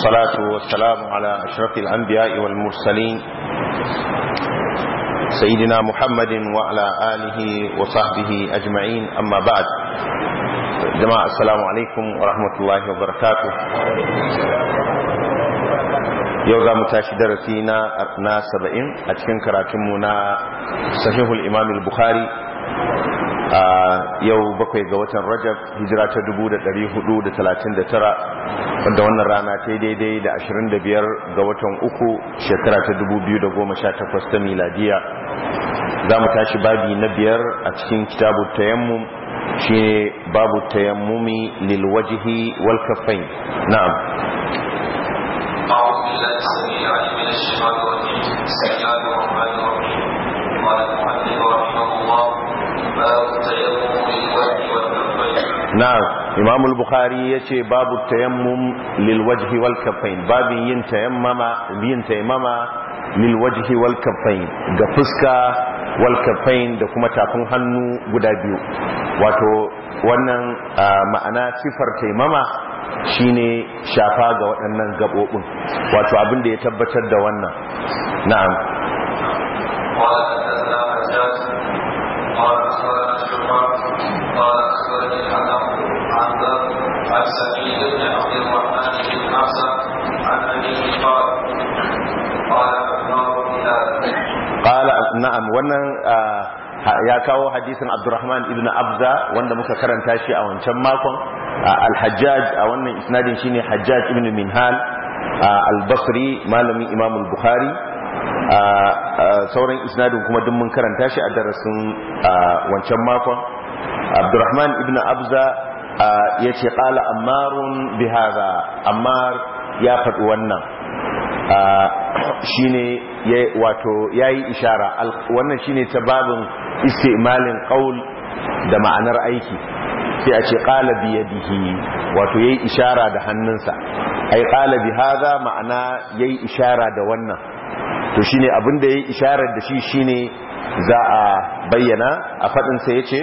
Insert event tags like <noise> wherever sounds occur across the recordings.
والصلاة والسلام على أشرف الأنبياء والمرسلين سيدنا محمد وعلى آله وصحبه أجمعين أما بعد جماعة السلام عليكم ورحمة الله وبركاته yau za mu tashi darasi na na saba'in a cikin karatunmu na sahihul imam bukhari a yau bakwai ga watan rajab hijira ta dubu da hudu tara wanda wannan rana ta daidai da ashirin da biyar ga watan uku shekara ta biyu da goma sha takwas ta miladiya za mu tashi babi na biyar a cikin kitabu tayammum shi ne babu tayammumi lilwajihi walkafai na'am أعوذ بالله na العليم من na'am imam al-bukhari yace babu tayammum lil wajhi wal kaffain babin yin tayammama yin tayammama lil wajhi wal kaffain ga fuska wal kaffain da kuma tafin hannu guda biyu wato wannan ma'ana sifar tayammama shine shafa ga waɗannan gabobin wato abin da ya tabbatar da wannan na'am قال أخبرني الحكم عن ذر عن سعيد عبد الرحمن بن حفصة عن أبيه قال قال أخبار قال نعم wannan ya kawo hadisin Abdurrahman ibn Abza wanda muka karanta shi a wancan makon al a wannan isnadin shine Hajjaj ibn Minhal al-Basri malamin Imam al-Bukhari sauran isnadin kuma duk mun karanta shi a darasin wancan makon عبد ibn abza ya ce قال ammarun بهذا ammar ya faɗi wannan <clears throat> shi ne wato ya yi ishara wannan shi ne ta babin istimalin qaul da ma'anar aiki sai a ce qala bi bihi wato ya yi ishara da hannunsa ai bi hadha ma'ana ya yi ishara da wannan to shi ne abinda ya yi da shi shi ne za a bayyana a faɗin sa ce.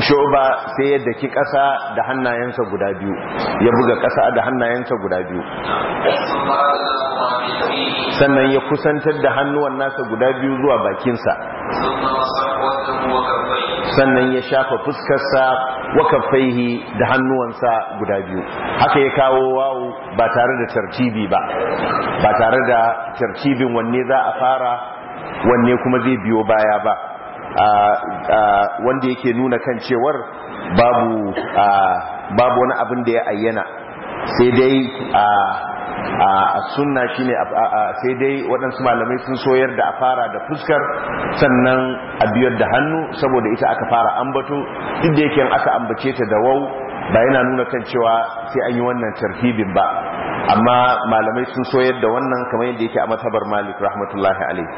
shoba sai ya daki ƙasa da hannayensa guda biyu ya buga ƙasa da hannayensa guda biyu sannan ya kusantar da hannuwan nasa guda biyu zuwa bakinsa sannan ya shafa fuskarsa wa kafaihi da hannuwansa guda biyu haka ya kawo wawo ba tare da tartibi ba ba tare da tartibin wanne za a fara wanne kuma zai biyo baya ba wanda yake nuna kan cewar babu babu wani abin da ya ayyana sai dai a sunna shi a sai dai waɗansu malamai sun soyar da a fara da fuskar sannan a biyar da hannu saboda ita aka fara ambato duk da yake aka ambace ta da wau ba yana nuna kan cewa sai an yi wannan tarhibin ba amma malamai sun soyar da wannan kamar yadda yake a matabar malik rahmatullahi alaihi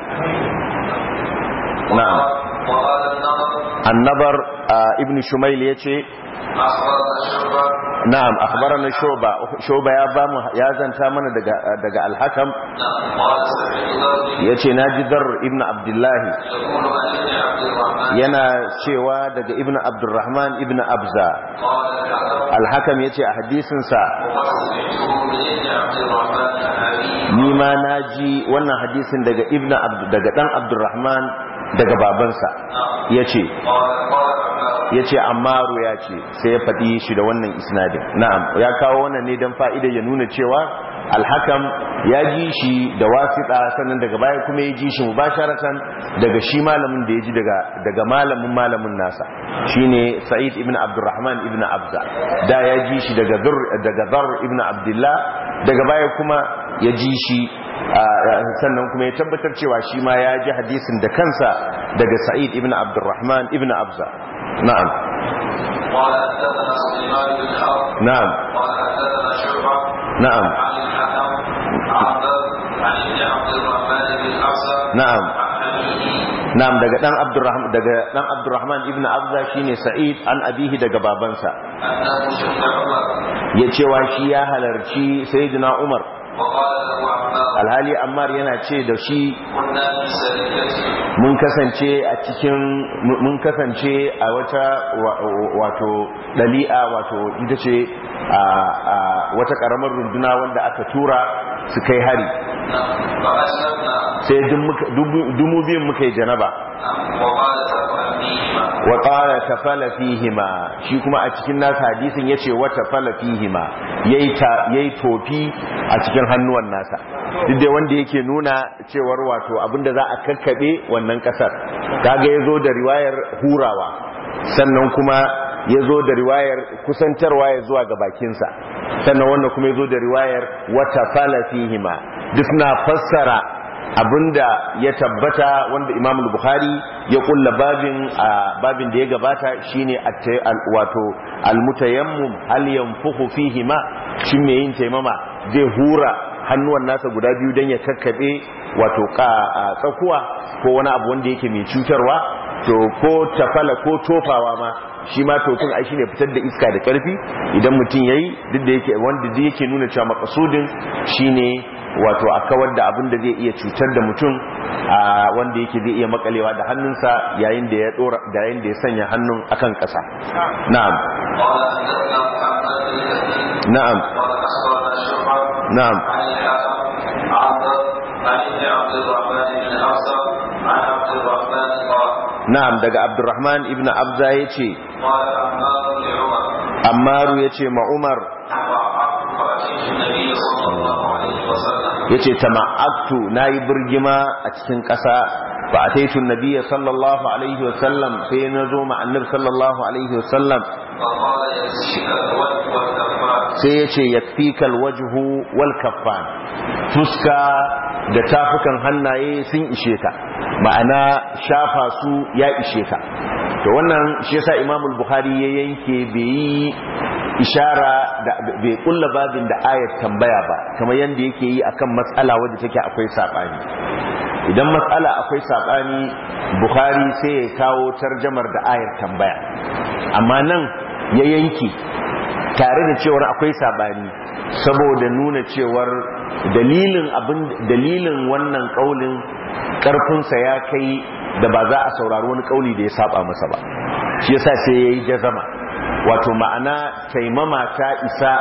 na'am annabar ibn shumail ce na'am akhbarana shuba Shoba. ya ba mu ya zanta mana daga daga al-hakam yace naji dar ibn abdullahi yana cewa daga ibn abdurrahman ibn abza Alhakam hakam yace a hadisin sa ni ma naji wannan hadisin daga ibn daga dan abdurrahman daga babansa ya ce ya ce ya ce sai ya faɗi shi da wannan isnadin na'am ya kawo wannan ne don fa'ida ya nuna cewa alhakam ya ji shi da wasiƙa sannan daga baya kuma ya ji shi mubasharatan daga shi malamin da ya ji daga malamin malamin nasa shine sa'id ibn abdurrahman ibn abza da ya ji shi daga zar ibn abdullah daga baya kuma ya ji shi sannan kuma ya tabbatar cewa shi ma ya ji hadisin da kansa daga sa'id ibn abdurrahman ibn abza na'am na'am na'am na'am na'am daga dan abdurrahman daga dan abdurrahman ibn abza shine sa'id an abihi daga babansa ya cewa shi ya halarci sayyidina umar alhali ammar yana ce da shi mun kasance a cikin mun kasance a wata wato dali'a wato ita ce a wata karamar runduna wanda aka tura su kai hari sai dumu biyun muka yi janaba wa qala tafala fihima shi kuma a cikin nasa hadisin yace wa tafala fihima yayi yayi tofi a cikin hannuwan nasa duk da wanda yake nuna cewar wato abinda za a kakkabe wannan kasar kaga yazo da riwayar hurawa sannan kuma ya zo da riwayar kusantarwa ya zuwa ga bakinsa sannan wannan kuma ya zo da riwayar wata fala fihima duk na fassara abinda ya tabbata wanda imam bukhari ya kulla babin a babin da ya gabata shine wato almutayammum hal yanfuhu fihi ma shin me yin taimama zai hura hannuwan nasa guda biyu dan ya kakkabe wato tsakuwa ko wani abu wanda yake mai cutarwa to ko tafala ko tofawa ma shi ma tofin ai shine fitar da iska da karfi idan mutum yayi duk da yake wanda yake nuna cewa makasudin shine wato a kawar da abin da zai iya cutar da mutum a wanda yake zai iya makalewa da hannunsa yayin da ya dora da yayin da ya sanya hannun akan ƙasa na'am na'am na'am na'am daga abdurrahman ibn abza yace ammaru yace ma umar ya ce tama'attu na yi birgima a cikin ƙasa ba a taitun nabiya sallallahu alaihi wasallam sai na zo ma'anar sallallahu alaihi wasallam sai ya ce yakfikal wajhu wal kaffan fuska da tafukan hannaye sun ishe ka ma'ana shafa su ya ishe ka to wannan shi yasa sa imamul bukhari ya yanke bai yi. ishara da bai kulla babin da ayat tambaya ba kamar yadda yake yi akan matsala wadda take akwai sabani idan matsala akwai sabani bukhari sai ya kawo tarjamar da ayat tambaya amma nan ya yanke tare da cewar akwai sabani saboda nuna cewar dalilin abin dalilin wannan kaulin karfinsa ya kai da ba za a saurari wani kauli da ya saba masa ba shi yasa sai yayi jazama wato ma'ana taimama ta isa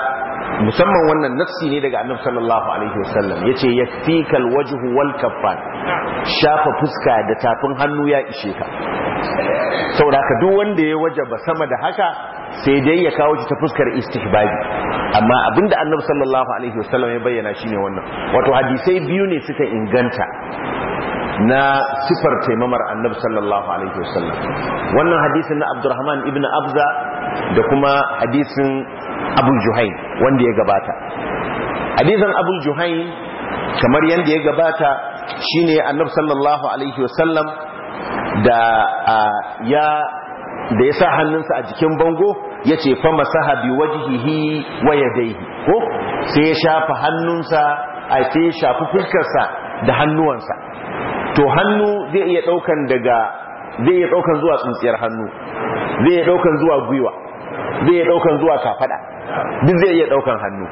musamman wannan nafsi ne daga annabi sallallahu alaihi wasallam yace yakfika wajhu wal kaffan shafa fuska da tafin hannu ya ishe ka saboda duk wanda ya wajaba sama da haka sai dai ya kawo shi ta fuskar istihbabi amma abinda annabi sallallahu alaihi wasallam ya bayyana shine wannan wato hadisai biyu ne suka inganta na sifar taimamar annabi sallallahu alaihi wasallam wannan hadisin na abdurrahman ibnu abza da kuma hadisin abul juhain wanda ya gabata hadisin abul juhain kamar yadda ya gabata shine annab sallallahu alaihi wasallam da ya da ya sa hannunsa a jikin bango ya ce fa masaha bi wajihihi wa yadayhi ko sai ya shafa hannunsa a sai ya shafi fuskarsa da hannuwansa to hannu zai iya daukan daga zai iya daukan zuwa tsintsiyar hannu zai iya daukan zuwa gwiwa zai iya daukan zuwa kafada duk zai iya daukan hannu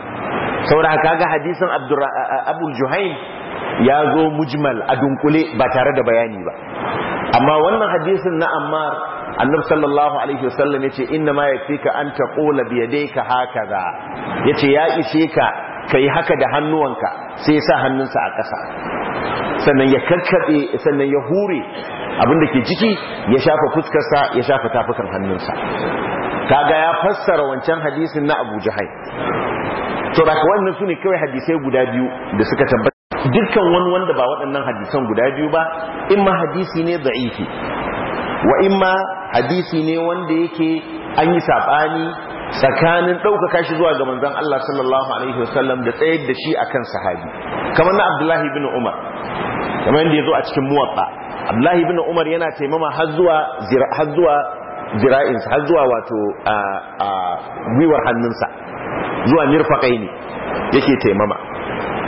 saboda ga hadisin abul juhaim ya zo mujmal a dunkule ba tare da bayani ba amma wannan hadisin na ammar annabi sallallahu alaihi wasallam yace inna ma ka an taqula dai ka hakaza yace ya ishe ka kai haka da hannuwanka sai ya sa hannunsa a ƙasa sannan ya karkaɗe sannan ya hure abinda ke ciki ya shafa fuskarsa ya shafa tafukan hannunsa kaga ya fassara wancan hadisin na Abu Jahai to da wannan sune kawai hadisai guda biyu da suka tabbata dukkan wani wanda ba waɗannan hadisan guda biyu ba in ma hadisi ne da'ifi wa in ma hadisi ne wanda yake an yi sabani tsakanin ɗaukaka shi zuwa ga manzon Allah sallallahu alaihi wasallam da tsayar da shi akan sahabi kamar na Abdullahi bin Umar kamar yadda ya zo a cikin muwatta abdullahi ibn umar yana taimama har zuwa har zuwa jira'insa har zuwa wato a gwiwar hannunsa zuwa mirfaƙai ne yake taimama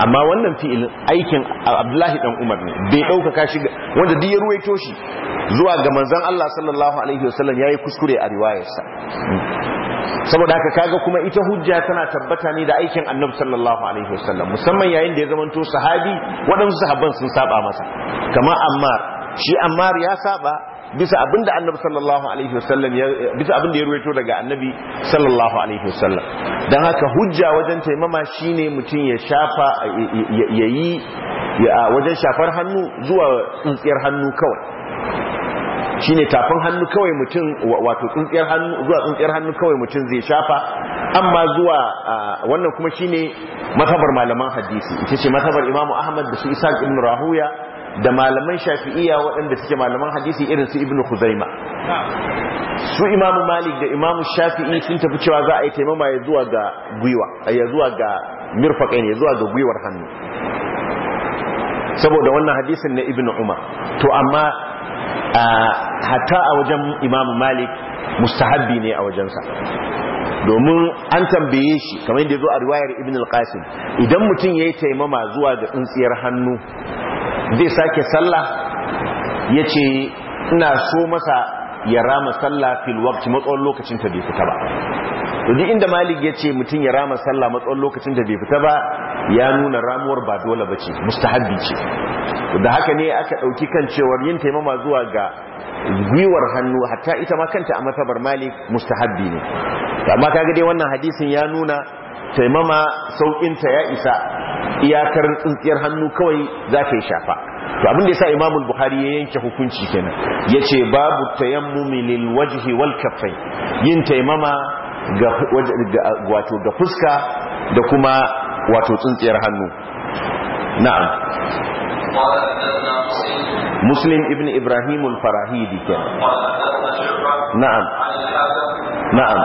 amma wannan fi'ilin aikin abdullahi dan umar ne bai ɗaukaka shi wanda duk ya ruwaito shi zuwa ga manzon Allah sallallahu alaihi wasallam yayi kuskure a riwayarsa saboda haka kaga kuma ita hujja tana tabbata ne da aikin annabi sallallahu alaihi wasallam musamman yayin da ya zamanto sahabi waɗansu sahabban sun saba masa kamar ammar shi ammar ya saba bisa abinda annabi sallallahu alaihi wasallam bisa abinda ya ruwaito daga annabi sallallahu alaihi wasallam dan haka hujja wajen taimama shine mutum ya shafa yayi wajen shafar hannu zuwa tsintsiyar hannu kawai shine tafin hannu kawai mutum wato tsintsiyar hannu zuwa tsintsiyar hannu kawai mutum zai shafa amma zuwa wannan kuma shine mazhabar malaman hadisi ita ce mazhabar Imam Ahmad da su Isa ibn Rahuya da malaman shafi'iyya waɗanda suke malaman hadisi irin su ibnu khuzaima su imamu malik da imamu shafi'i sun tafi cewa za a yi taimama ya zuwa ga gwiwa ya zuwa ga mirfaƙain ya zuwa ga gwiwar hannu saboda wannan hadisin na ibnu umar to amma hatta a wajen imamu malik mustahabbi ne a wajensa domin an tambaye shi kamar yadda zo a riwayar ibn al-qasim idan mutum yayi taimama zuwa ga tsintsiyar hannu zai sake sallah ya ce ina so masa ya rama sallah fil waqti matsawon lokacin ta bai fita ba to duk inda malik ya ce mutum ya rama sallah matsawon lokacin ta bai fita ba ya nuna ramuwar ba dole ba ce mustahabbi ce da haka ne aka ɗauki kan cewar yin taimama zuwa ga gwiwar hannu hatta ita ma kanta a matabar malik mustahabbi ne amma kaga dai wannan hadisin ya nuna taimama sauƙinta ya isa iyakar tsintsiyar hannu kawai za ka yi shafa to abin da ya sa imamul buhari ya yanke hukunci kenan ce babu tayammumi lil wajihi wal kaffai yin taimama ga wato da fuska da kuma wato tsintsiyar hannu na'am muslim ibn ibrahim al-farahidi kenan na'am na'am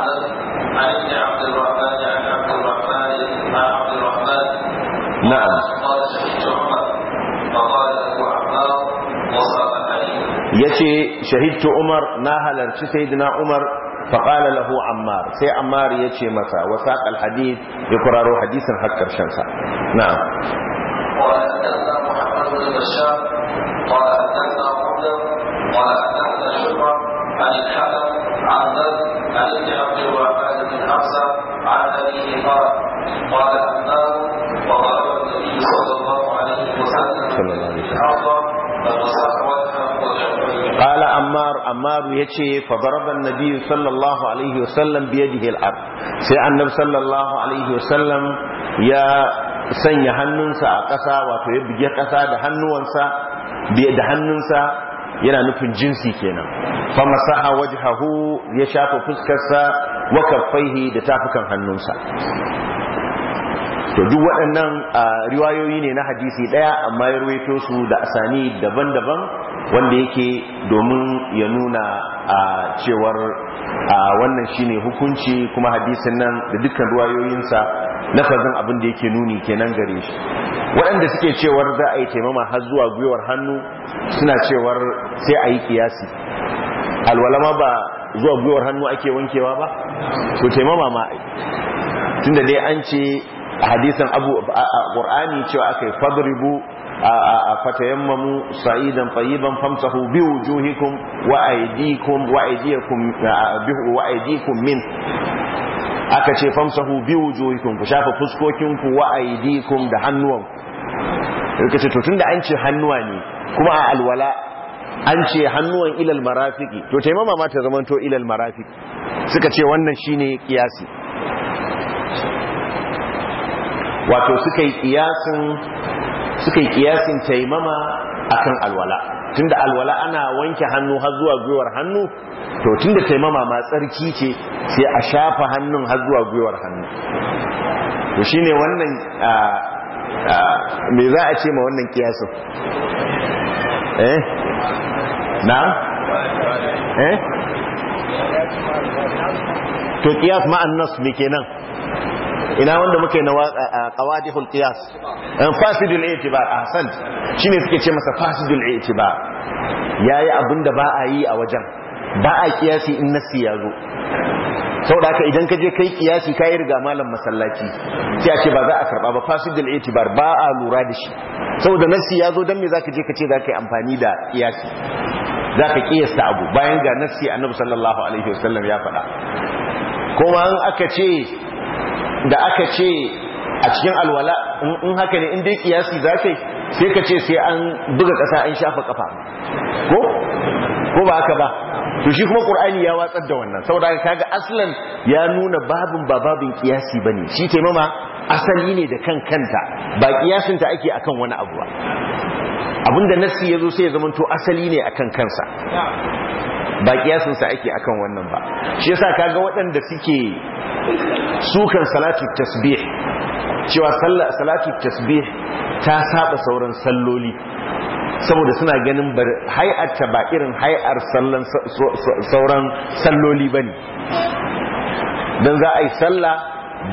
مع عبد الرحمن نعم قال شهدت عمر فقال له عمار وصافحني يتي شهدت عمر ناهل سيدنا عمر فقال له عمار سي عمار يتي متى وساق الحديث يقرر حديثا حكر شمسا نعم قال حدثنا محمد بن بشار قال حدثنا عمر قال حدثنا شعبة عن الحكم عن ذر عن ابن عبد الرحمن بن حفصة عن أبيه قال قال أبناه وقال النبي صلى الله عليه وسلم عظم عمار عمار يتي فضرب النبي صلى الله عليه وسلم بيده الأرض سي النبي صلى الله عليه وسلم يا sanya hannunsa a ƙasa wato ya ƙasa da hannuwansa da hannunsa yana nufin jinsi kenan fa masaha wajhahu ya shafa fuskarsa wa kaffaihi da tafukan hannunsa to duk waɗannan riwayoyi ne na hadisi ɗaya amma ya ruwaito su da asani daban-daban wanda yake domin ya nuna cewar wannan shine hukunci kuma hadisin nan da dukkan riwayoyinsa lafazin abin da yake nuni kenan gare shi waɗanda suke cewar za a yi taimama har zuwa gwiwar hannu suna cewar sai a yi kiyasi alwalama ba zuwa gwiwar hannu ake wankewa ba to taimama ma tunda dai an ce a hadisin abu qur'ani cewa akai fadribu a fatayammamu sa'idan tayyiban famsahu bi wujuhikum wa aydikum wa aydiyakum wa aydikum min aka ce famsahu bi wujuhikum ku shafa fuskokinku wa aydikum da hannuwanku yake ce to tunda an ce hannuwa ne kuma a alwala an ce hannuwan ilal marafiki to taimama ma ta zamanto ilal marafiki suka ce wannan shine kiyasi wato suka yi kiyasin suka yi kiyasin taimama akan alwala tunda alwala ana wanke hannu har zuwa gwiwar hannu to tunda taimama ma tsarki ce sai a shafa hannun har zuwa gwiwar hannu to shine wannan me za a ce ma wannan kiyasin eh na eh to kiyas ma'an nas ne kenan ina wanda muka yi na qawadihul qiyas an fasidul i'tibar ahsan shine suke ce masa fasidul i'tibar yayi abinda ba a yi a wajen ba a kiyasi in nasi ya zo saboda haka idan ka je kai kiyasi ka yi riga malam masallaci sai a ce ba za a karba ba fasidul itibar ba a lura da shi saboda nasi ya zo dan me zaka je ka ce zaka yi amfani da kiyasi zaka kiyasta abu bayan ga nasi annabi sallallahu alaihi wasallam ya faɗa kuma an aka ce da aka ce a cikin alwala in haka ne in dai kiyasi za ka sai ka ce sai an buga ƙasa an shafa ƙafa ko ko ba haka ba to shi kuma qur'ani ya watsar da wannan saboda ka ga aslan ya nuna babin ba babin kiyasi bane shi taimama asali ne da kan kanta ba kiyasin ta ake akan wani abu ba abinda nassi yazo sai ya zama to asali ne akan kansa ba kiyasin sa ake akan wannan ba shi yasa kaga waɗanda suke sukan salatu tasbih cewa salatu tasbih ta saba sauran salloli saboda suna ganin hai'arta ba irin hai'ar sauran salloli bane dan za a yi salla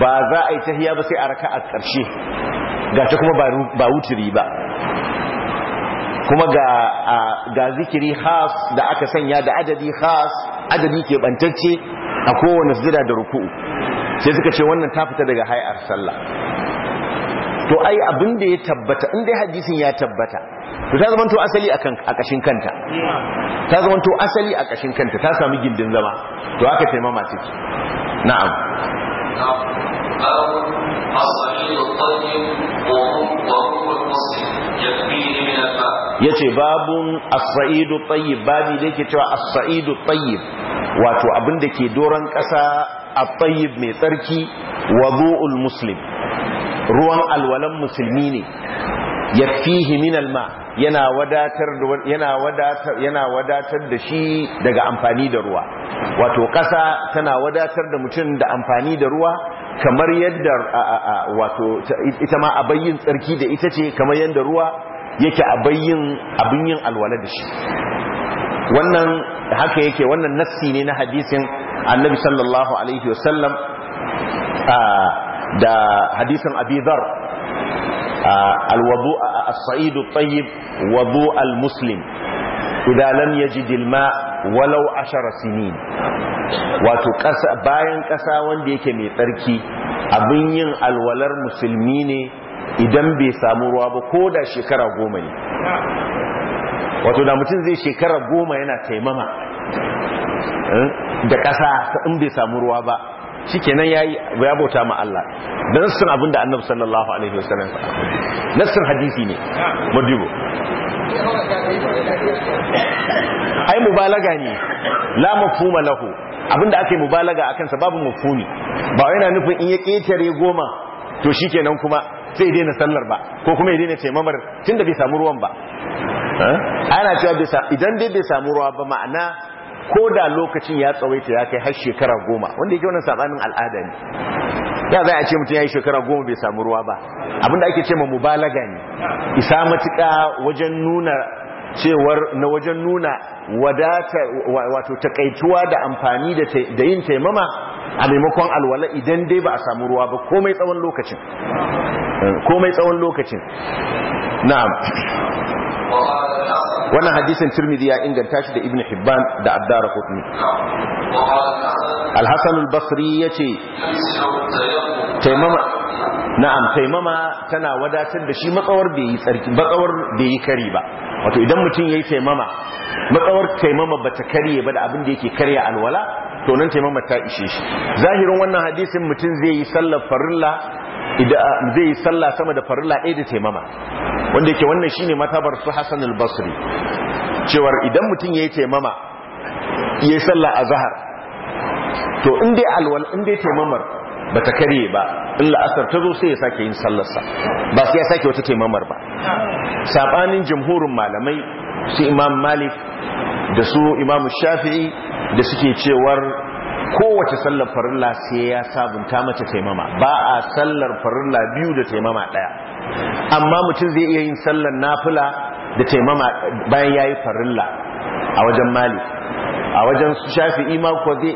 ba za a yi tahiya ba sai a raka'a karshe ta kuma ba wuturi ba kuma ga zikiri khas da aka sanya da adadi khas adadi ke bantacce a kowane sujada da ruku'u sai suka ce wannan ta fita daga hayar sallah to ai abin da ya tabbata inda hadisin ya tabbata to ta to asali a kashin kanta ta to asali a kashin kanta ta sami gindin zama to aka taimama ciki na'am ya ce babun asra'idu tsayib babi da yake cewa asra'idu Tsayi wato abin da ke doron ƙasa at-tayyib mai tsarki wudu'ul muslim ruwan alwalan musulmi ne yakfihi min alma yana wadatar da yana wadatar yana wadatar da shi daga amfani da ruwa wato kasa tana wadatar da mutum da amfani da ruwa kamar yadda wato ita ma abayin tsarki da ita ce kamar yadda ruwa yake abayin abin yin alwala da shi wannan haka yake wannan nassi ne na hadisin annabi sallallahu alaihi wasallam da hadisin abi dhar alwudu as-sa'id at-tayyib wudu al-muslim idza lam yajid al walau ashara sinin wato bayan ƙasa wanda yake mai tsarki abin yin alwalar musulmi ne idan bai samu ruwa ba ko da shekara goma ne wato da mutum zai shekara goma yana taimama Eh? da ƙasa in bai samu ruwa ba shikenan yayi ya bauta ma Allah da nassin abin da Annabi sallallahu alaihi wasallam nassin hadisi ne madubo ai mubalaga ne la mafhuma lahu abinda ake mubalaga akan sa babu mafhumi ba yana nufin in ya ketare goma to shikenan kuma sai daina sallar ba ko kuma ya daina taimamar tunda bai samu ruwan ba eh? ana cewa idan dai bai samu ruwa ba ma'ana ko da lokacin ya tsawaita ya kai har shekara goma wanda yake wannan sabanin al'ada ne ya za a ce mutum ya yi shekara goma bai samu ruwa ba abinda ake ce ma mubalaga ne isa matuka wajen nuna cewar na wajen nuna wadata wato takaituwa da amfani da yin taimama a maimakon alwala idan dai ba a samu ruwa ba komai tsawon lokacin komai tsawon lokacin wannan hadisin tirmidhi ya inganta shi da ibn hibban da addara kutni al-hasan al-basri yace taimama na'am taimama tana wadatar da shi matsawar bai yi tsarki matsawar bai yi kari ba wato idan mutum yayi taimama matsawar taimama bata karye ba da abin da yake karya alwala to nan taimama ta ishe shi zahirin wannan hadisin mutum zai yi sallar farilla zai yi sallah sama da farilla ɗaya da taimama wanda yake wannan shine matabar su Hassan al-Basri cewar idan mutum yayi taimama yayi sallah zahar. to inda alwal inda taimamar bata kare ba in la'asar ta zo sai ya sake yin sallarsa ba sai ya sake wata taimamar ba saɓanin jamhurin malamai su Imam Malik da su Imam Shafi'i da suke cewar kowace sallar farilla sai ya sabunta mace taimama ba a sallar farilla biyu da taimama daya amma mutum zai iya yin sallar nafila da taimama bayan ya yi farilla a wajen mali a wajen su shafi imako zai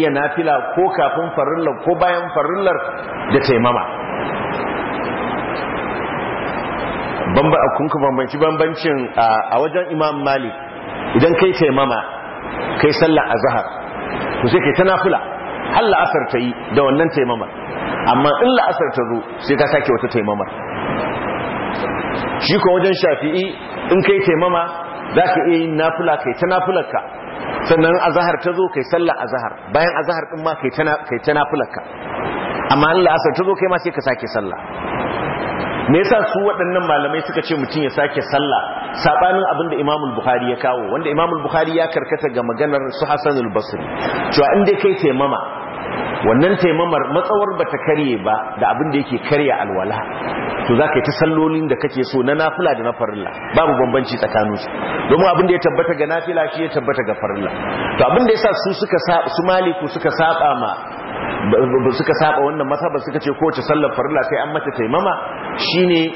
iya nafila ko kafin farilla ko bayan farillar da taimama bamba bambanci bambancin a wajen imam mali idan kai taimama kai sallar azahar. to sai kai ta nafila har la'asar ta yi da wannan taimamar amma in la'asar ta zo sai ka sake wata taimamar shi ko wajen shafi'i in kai taimama za ka iya yin nafila kai ta nafilarka sannan azahar ta zo kai sallar azahar bayan azahar din ma kai ta nafilarka amma in la'asar ta zo kai ma sai ka sake sallah me yasa su waɗannan malamai suka ce mutum ya sake sallah sabanin abinda Imam Bukhari ya kawo wanda Imam Bukhari ya karkata ga maganar su Hassan al-Basri cewa in dai kai taimama wannan taimamar matsawar bata karye ba da abinda yake karya alwala to za ta sallolin da kake so na nafila da na farilla babu bambanci tsakaninsu domin abinda ya tabbata ga nafila shi ya tabbata ga farilla to abinda yasa su suka su maliku suka saba ma suka saba wannan masaba suka ce kowace sallar farilla sai an mata taimama shine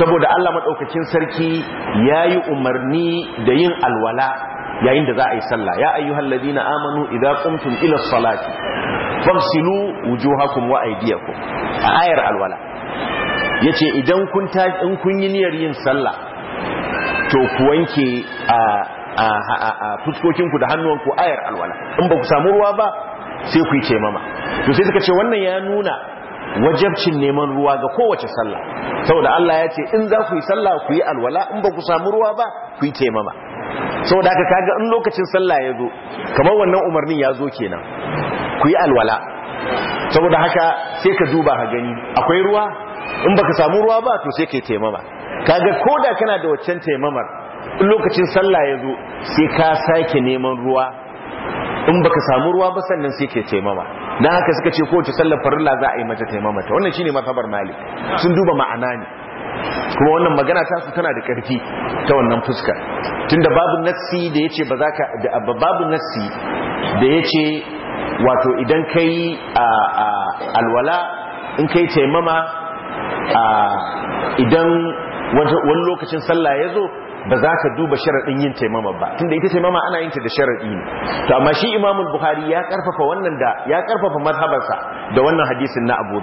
saboda Allah madaukakin sarki yayi umarni da yin alwala yayin da za a yi sallah ya ayyuhal ladina amanu idza qumtum ila salati fagsilu wujuhakum wa aydiyakum ayar alwala yace idan kun ta in kun yi niyyar yin sallah to ku wanke a fuskokinku da hannuwanku ayar alwala in ba ku samu ruwa ba sai ku yi taimama to sai suka ce wannan ya nuna wajabcin neman ruwa ga kowace sallah saboda Allah ya ce in za ku yi sallah ku yi alwala in ba ku samu ruwa ba ku yi taimama saboda haka kaga in lokacin sallah ya zo kamar wannan umarnin ya zo kenan ku yi alwala saboda haka sai ka duba ka gani akwai ruwa in baka samu ruwa ba to sai ka yi taimama kaga koda kana da waccan taimamar in lokacin sallah ya zo sai ka sake neman ruwa in baka samu ruwa ba sannan sai ke taimama dan haka suka ce kowace sallar farilla za a yi mata taimama ta wannan shine mazhabar malik sun duba ma'ana ne kuma wannan magana ta su tana da karfi ta wannan fuska tunda babu nassi da yace ba za ka babu nassi da yace wato idan kai alwala in kai taimama idan wani lokacin sallah ya zo ba za ka duba sharaɗin yin taimama ba tunda ita taimama ana yin ta da sharaɗi ne to amma shi imamul Buhari ya karfafa wannan da ya karfafa mazhabarsa da wannan hadisin na abu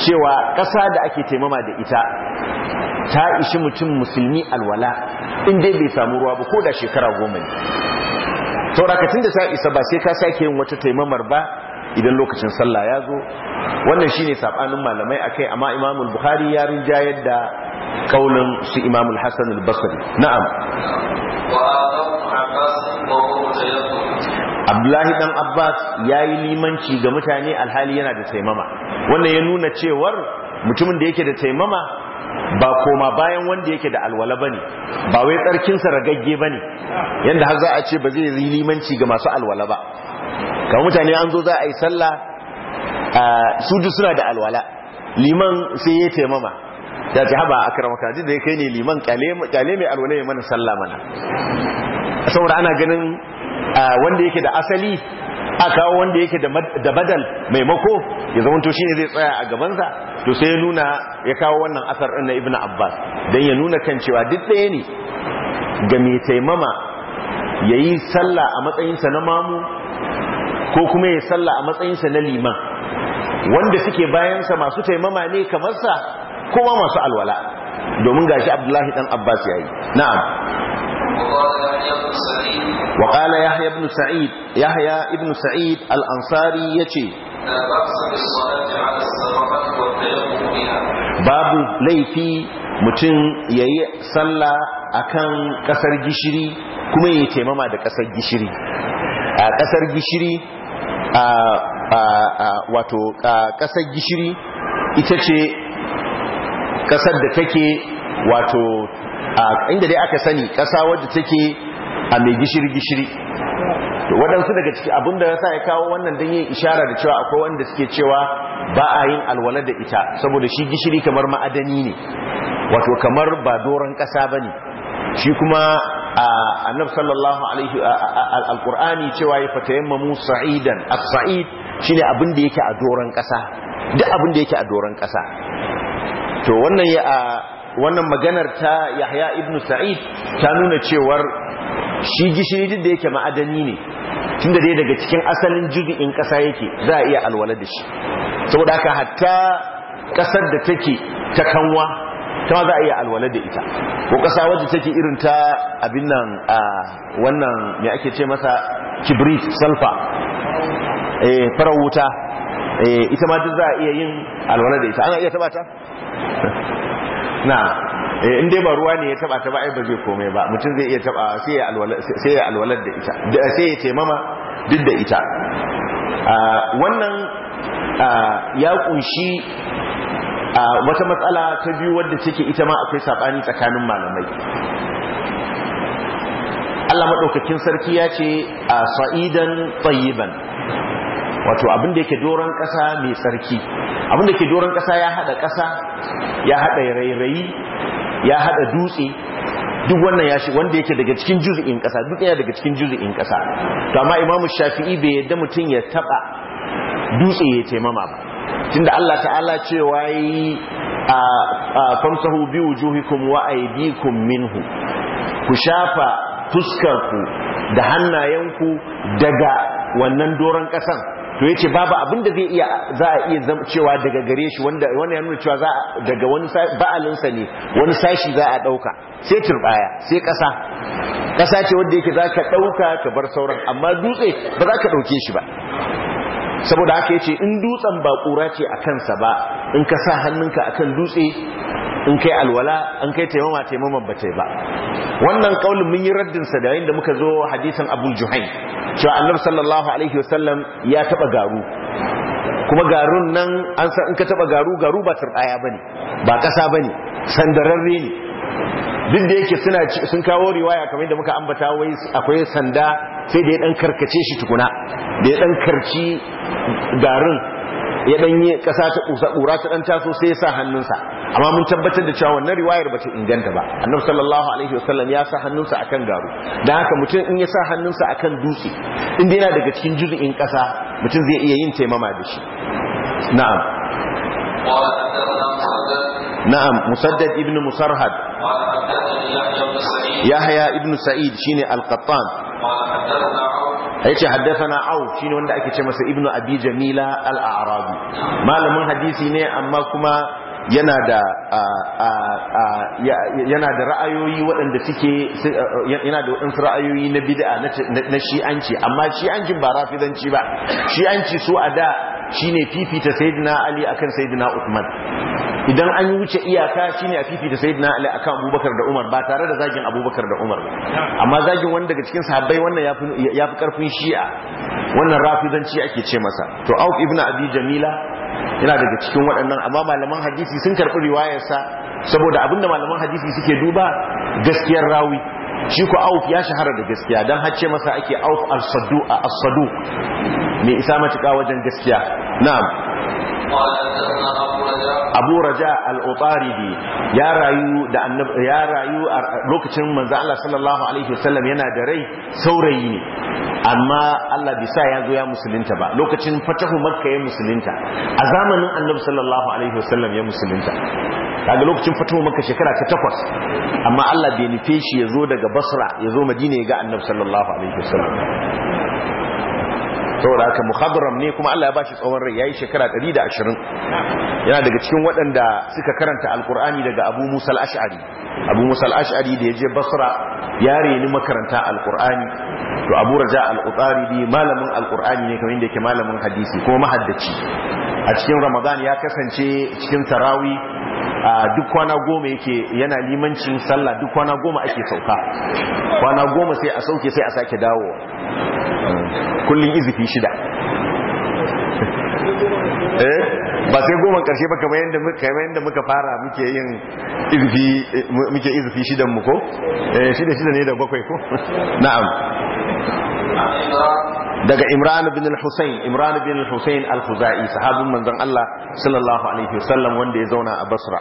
cewa ƙasa da ake taimama da ita ta ishi mutum musulmi alwala in dai bai samu ruwa ba ko da shekara goma ne tun da ta isa ba sai ka sake yin wata taimamar ba idan lokacin sallah ya zo wannan shine sabanin malamai akai amma al bukhari ya rinjayar da kaulin su imamul hasan al-basri na'am abdullahi dan abbas yayi limanci ga mutane alhali yana da taimama wannan ya nuna cewar mutumin da yake da taimama ba koma bayan wanda yake da alwala bane ba wai tsarkin sa ragagge bane yanda har za a ce ba zai yi limanci ga masu alwala ba Ka mutane an zo za a yi sallah su suju suna da alwala liman sai ya taimama ya ce haba a karamaka ji da ya kai ne liman kyale mai alwala ya mana sallah mana saboda ana ganin wanda yake da asali a kawo wanda yake da badal maimako ya zama to shine zai tsaya a gabansa to sai ya nuna ya kawo wannan asar ɗin na Ibn abbas don ya nuna kan cewa duk ɗaya ne ga mai taimama ya yi sallah a matsayinsa na mamu ko kuma ya sallah a matsayinsa na liman wanda suke bayansa masu taimama ne kamar sa kuma masu alwala domin gashi abdullahi dan abbas yayi na'am wa qala yahya ibn sa'id yahya ibn sa'id al-ansari yace babu laifi mutum yayi sallah akan kasar gishiri kuma yayi taimama da kasar gishiri a kasar gishiri wato ƙasar gishiri ita ce ƙasar da take wato inda dai aka sani kasa wadda take a mai gishiri-gishiri waɗansu daga ciki abinda ya sa ya kawo wannan don yin ishara da cewa akwai wanda suke cewa ba a yin alwala da ita saboda shi gishiri kamar ma'adani ne wato kamar ba doron ƙasa ba ne shi kuma annabi sallallahu alaihi alqur'ani cewa ya musa sa'idan as-sa'id shine abin da yake a doran kasa duk abin da yake a doran kasa to wannan ya wannan maganar ta Yahya ibn Sa'id ta nuna cewar shi gishiri duk da yake ma'adani ne tunda dai daga cikin asalin juzu'in kasa yake za a iya alwala da shi saboda haka hatta kasar da take ta kanwa ita ma za a iya alwala da ita ko kasa waje take irin ta abin nan a wannan me ake ce masa kibrit salfa eh farar wuta eh ita ma duk za a iya yin alwala da ita ana iya taba ta <laughs> na eh in dai ba ruwa ne ya taba ta ba ai ba zai komai ba mutum zai iya taba sai ya alwala sai ya alwala da ita sai ya taimama duk da ita wannan ya kunshi wata matsala ta biyu wadda take ita ma akwai sabani tsakanin malamai Allah madaukakin sarki ya ce a sa'idan tayyiban wato abin da yake doron kasa mai sarki abin da yake doron kasa ya hada kasa ya hada rairayi ya hada dutse duk wannan ya shi wanda yake daga cikin juz'in kasa duk yana daga cikin juz'in kasa to amma imamu shafi'i bai yadda mutum ya taba dutse ya taimama ba tunda Allah ta'ala cewa yi a famsahu bi wujuhikum wa aydikum minhu ku shafa fuskarku da hannayenku daga wannan doron kasan to yace babu abin da zai iya za a iya cewa daga gare shi wanda wannan ya nuna cewa za daga wani ba'alin sa ne wani sashi za a dauka sai turbaya sai kasa kasa ce wanda yake zaka dauka ka bar sauran amma dutse ba za ka dauke shi ba saboda haka yace in dutsen ba kura ce a kansa ba in ka sa hannunka akan dutse in kai alwala in kai taimama taimama ba ba wannan kaulin mun yi raddin sa da yanda muka zo hadisin Abu Juhayn cewa Annabi sallallahu alaihi wasallam ya taba garu kuma garun nan an san in ka taba garu garu ba turbaya bane ba kasa bane sandararre ne duk da yake suna sun kawo riwaya kamar da muka ambata wai akwai sanda sai da ya dan karkace shi tukuna da ya dan karci garin ya dan yi kasa ta kusa kura ta dan taso sai ya sa hannunsa amma mun tabbatar da cewa wannan riwayar ba ta inganta ba annabi sallallahu alaihi wasallam ya sa hannunsa akan garu dan haka mutum in ya sa hannunsa akan dutse in dai yana daga cikin juzu'in kasa mutum zai iya yin taimama da shi na'am na'am musaddad ibn musarhad yahya ibn sa'id shine al-qattan yace haddathana au shine wanda ake ce masa ibnu abi jamila al-a'rabi malamin hadisi ne amma kuma yana da yana da ra'ayoyi waɗanda suke yana da ra'ayoyi na bid'a na shi'anci amma shi'ancin ba rafidanci ba shi'anci su a da shine fifita sayyidina ali akan sayyidina usman idan an yi wuce iyaka shi ne a fifita sayyidina ali akan abubakar da umar ba tare da zagin abubakar da umar ba. amma zagin wanda daga cikin sahabbai wannan ya fi karfin shi'a wannan rafizanci ake ce masa to Auk ibn abi jamila yana daga cikin waɗannan amma malaman hadisi sun karɓi riwayarsa saboda abinda malaman hadisi suke duba gaskiyar rawi shi ko auk ya shahara da gaskiya don hacce masa ake auf al-sadu mai isa matuƙa wajen gaskiya na'am abu raja al-utaridi ya rayu da annabi ya rayu a lokacin manzo Allah sallallahu alaihi wasallam yana da rai saurayi ne amma Allah bai sa ya zo ya musulunta ba lokacin fatahu makka ya musulunta a zamanin annabi sallallahu alaihi wasallam ya musulunta daga lokacin fatahu makka shekara ta takwas amma Allah bai nufe shi ya zo daga basra ya zo madina ya ga annabi sallallahu alaihi wasallam saboda haka muhadram ne kuma Allah ya bashi tsawon rai yayi shekara 120 yana daga cikin waɗanda suka karanta alkur'ani daga Abu Musa al-Ash'ari Abu Musa al-Ash'ari da yaje Basra ya reni makaranta alkur'ani to Abu Raja al bi malamin alkur'ani ne kamar inda yake malamin hadisi kuma mahaddaci a cikin Ramadan ya kasance cikin tarawi a duk kwana goma yake yana limancin sallah duk kwana goma ake sauka kwana goma sai a sauke sai a sake dawo kullun izifi shida <laughs> eh ba sai goma karshe ba kamar yadda muka kamar yadda muka fara muke yin izifi muke izifi shidan mu ko eh shida shida ne da bakwai ko <laughs> na'am daga Imran bin al-Husayn Imran bin al-Husayn al-Khuzai sahabin manzon Allah sallallahu alaihi wasallam wanda ya zauna a Basra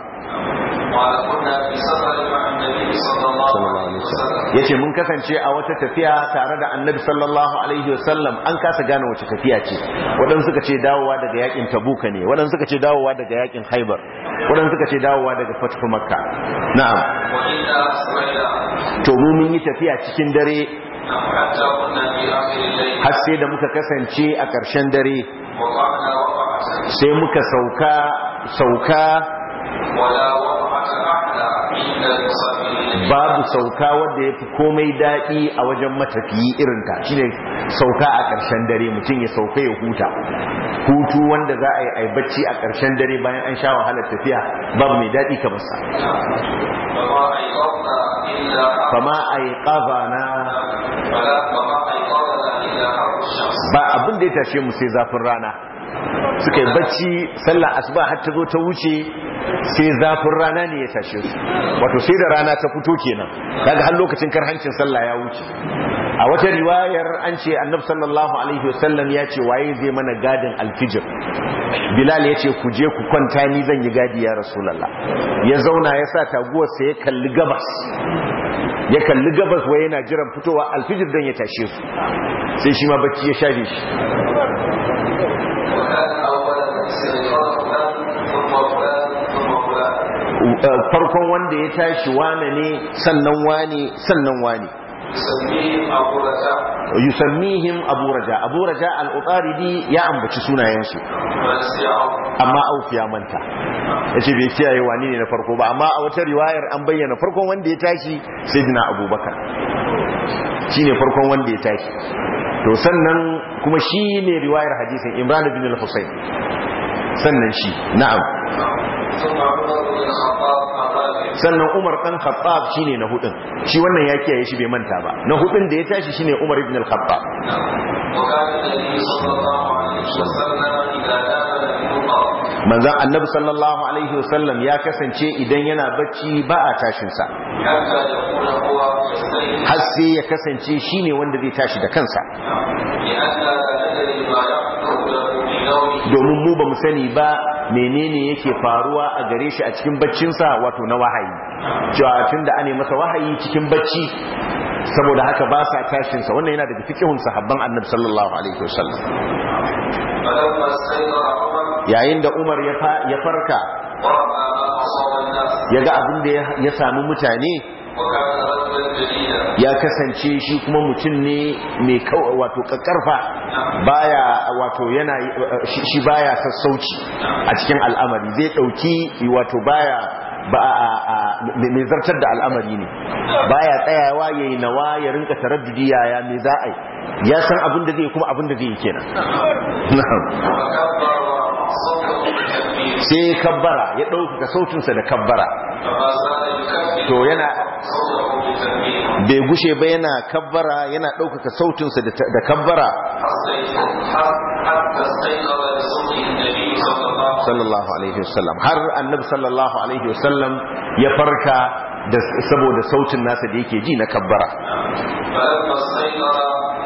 ya ce mun kasance a wata tafiya tare da annabi sallallahu alaihi wasallam an kasa gane wace tafiya ce waɗansu suka ce dawowa daga yakin tabuka ne waɗansu suka ce dawowa daga yakin haibar waɗansu suka ce dawowa daga fatfu makka na'am to mu mun yi tafiya cikin dare har sai da muka kasance a ƙarshen dare sai muka sauka sauka babu sauka wadda ya fi komai daɗi a wajen matafiyi irinta shi ne sauka a ƙarshen dare mutum ya sauka ya huta hutu wanda za a yi aibacci a ƙarshen dare bayan an sha wahalar tafiya babu mai daɗi kamar sa fama a yi ƙafa na ba abin da ya tashe mu sai zafin rana suka yi bacci sallah asuba har ta zo ta wuce sai zafin rana ne ya tashe su wato sai da rana ta fito kenan kaga har lokacin kar karhancin sallah ya wuce a wata riwayar an ce annab sallallahu alaihi wasallam ya ce waye zai mana gadin alfijir bilal ya ce ku je ku kwanta ni zan yi gadi ya rasulullah ya zauna ya sa taguwarsa ya kalli gabas ya kalli gabas wai yana jiran fitowa alfijir dan ya tashe su sai shi ma bacci ya shafe shi farkon wanda ya tashi wane ne sannan wane sannan wane yusammihim abu raja abu raja al ya ambaci sunayensu amma auf ya manta yace bai kiyaye wani ne na farko ba amma a wata riwayar an bayyana farkon wanda ya tashi sai dina abubakar shi ne farkon wanda ya tashi to sannan kuma shi ne riwayar hadisin imran bin al-husayn sannan shi na'am sannan Umar dan Khattab shine na hudun shi wannan ya kiyaye shi bai manta ba na hudun da ya tashi shi ne Umar ibn al-Khattab manzan annabi sallallahu alaihi wasallam ya kasance idan yana bacci ba a tashinsa har sai ya kasance shi ne wanda zai tashi da kansa domin mu ba mu sani ba menene yake faruwa a gare shi a cikin baccinsa wato na wahayi cewa tun da ane masa wahayi cikin bacci saboda haka ba sa tashinsa wannan yana daga fikihun sahabban annabi sallallahu alaihi wasallam yayin da umar ya farka ya ga abin da ya samu mutane ya kasance shi kuma mutum ne mai wato kakarfa baya wato yana shi baya sassauci a cikin al'amari zai dauki wato baya mai zartar da al'amari ne baya tsayawa yayi nawa ya rinka taraddudi yaya me za a yi ya san abin da zai kuma abin da zai kenan sai ya kabbara ya ɗaukaka sautinsa da kabbara to yana bai gushe ba yana kabbara yana ɗaukaka sautinsa da kabbara sallallahu alaihi wasallam har annabi sallallahu alaihi wasallam ya farka saboda sautin nasa da yake ji na kabbara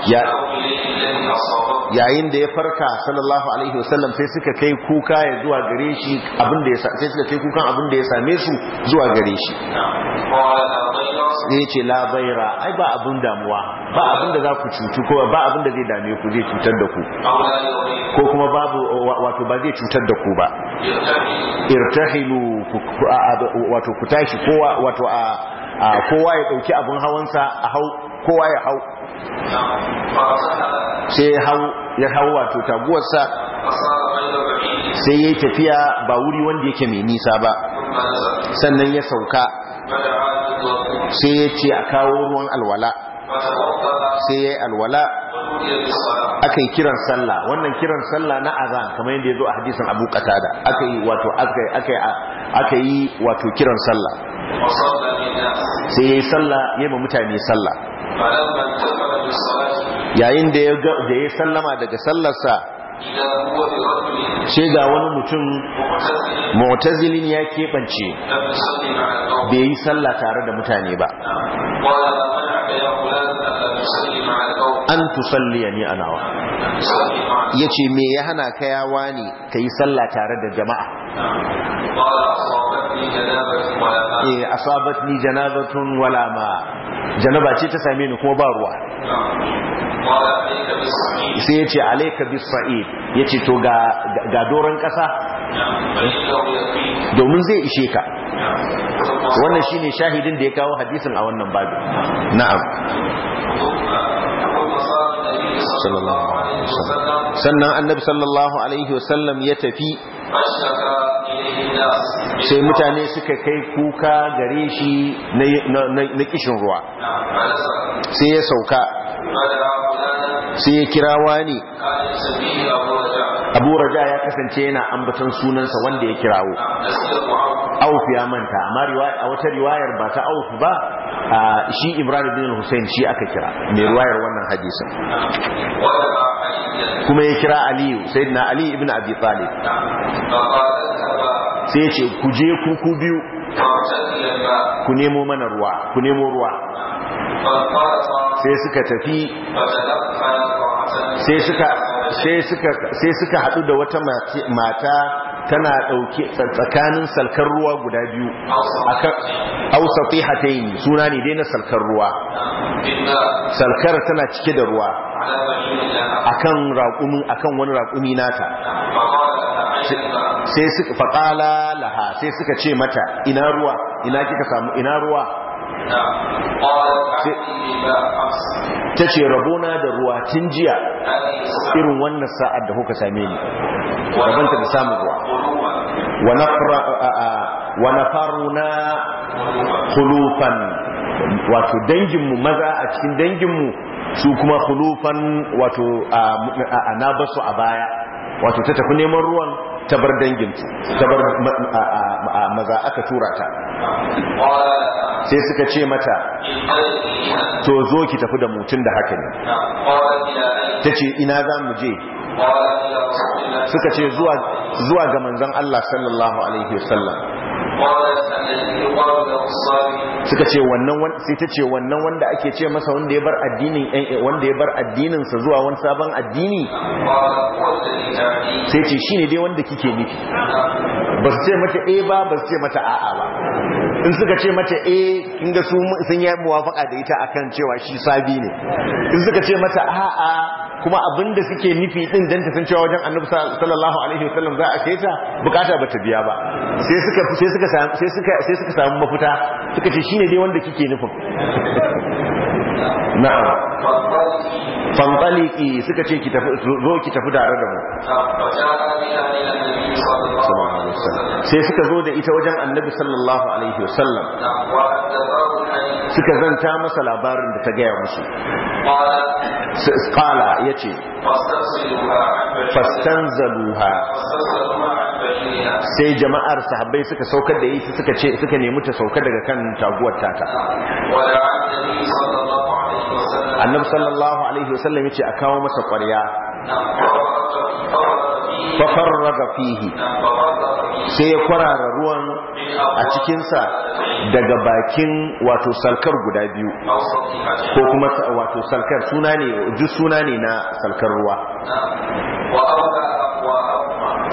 ya yayin da ya farka sallallahu alaihi wasallam sai suka kai kuka ya zuwa gare shi abin da ya sai suka kai kukan abin da ya same su zuwa gare shi sai ya ce la bayra ai ba abin damuwa ba abin da za ku cutu ko ba abin da zai dame ku zai cutar da ku ko kuma babu wato ba zai cutar da ku ba irtahilu wato ku tashi kowa wato a kowa ya dauki abin hawansa a hau kowa ya hau sai ya hau wato taguwarsa sai ya yi tafiya ba wuri wanda yake mai nisa ba sannan ya sauka sai ya ce a kawo ruwan alwala sai ya yi alwala aka yi kiran sallah wannan kiran sallah na azan kamar yadda ya zo a hadisin abu qatada aka yi wato aka yi wato kiran sallah sai ya yi sallah ya yi mutane sallah yayin da ya sallama daga sallarsa sai ga wani mutum mu'tazilin ya keɓance bai yi sallah tare da mutane ba an tusalliya ni a nawa ya ce me ya hana ka yawa ne ka yi sallah tare da jama'a eh, A sabat ni janabatun walama, janaba ce ta same ni kuma ba ruwa sai ya ce alaika bisra'id ya ce to ga doron ƙasa domin zai ishe ka wannan shine shahidin da ya kawo hadisin a wannan babu na'am sannan annabi sallallahu alaihi wasallam ya tafi sai mutane suka kai kuka gare shi na kishin ruwa sai ya sauka sai ya kira wani abu raja ya kasance yana ambaton sunansa wanda ya kirawo auf ya manta a wata riwayar ba ta auf ba shi ibrahim bin hussein shi aka kira mai riwayar wannan hadisin kuma ya kira aliyu sai na ali ibn abi talib sai ce ku je kuku biyu ku nemo mana ruwa ku nemo ruwa sai suka tafi sai suka sai suka sai suka hadu da wata mata tana dauke tsakanin salkar ruwa guda biyu akan ausatihatayn suna ne dai na salkar ruwa salkar tana cike da ruwa akan raqumin akan wani raqumi nata sai suka faqala laha sai suka ce mata ina ruwa ina kika samu ina ruwa ta ce rabona da ruwa tun jiya irin wannan sa'ad da kuka same ni rabanta da samun ruwa wa na faruna hulufan wato danginmu maza a cikin danginmu su kuma hulufan wato a na basu a baya wato ta tafi neman ruwan ta bar danginta ta bar maza aka tura ta sai suka ce mata to zo ki tafi da mutun da haka ne ta ce ina za mu je suka ce zuwa ga manzan Allah sallallahu Alaihi wasallam suka ce wannan sai ta ce wannan wanda ake ce masa wanda ya bar addinin eh, eh, wanda ya bar addinin sa zuwa wani sabon addini sai ce shi ne dai wanda kike nufi ba su ce mata A eh ba ba su ce mata a'a ba in suka ce mata A kin ga sun yi muwafaka da ita akan cewa shi sabi ne in suka ce mata a'a kuma abinda suke nufi din dan sun cewa wajen annabi sallallahu alaihi wasallam za a ce ta bukata bata biya ba sai suka sai suka sai suka sai suka samu mafita suka ce shine dai wanda kike nufin <laughs> na'am fantaliki suka ce ki tafi zo ki tafi tare da mu sai suka zo da ita wajen annabi sallallahu alaihi wasallam suka zanta masa labarin da ta gaya musu ya ce. yace zaluha sai jama'ar sahabbai suka saukar da yi suka ce suka nemi ta sauka daga kan taguwar tata annabi sallallahu alaihi wasallam yace a kawo masa ƙwarya raga fihi sai ya kwarara ruwan a cikinsa daga bakin wato salkar guda biyu ko kuma wato salkar suna ne ju suna ne na salkar ruwa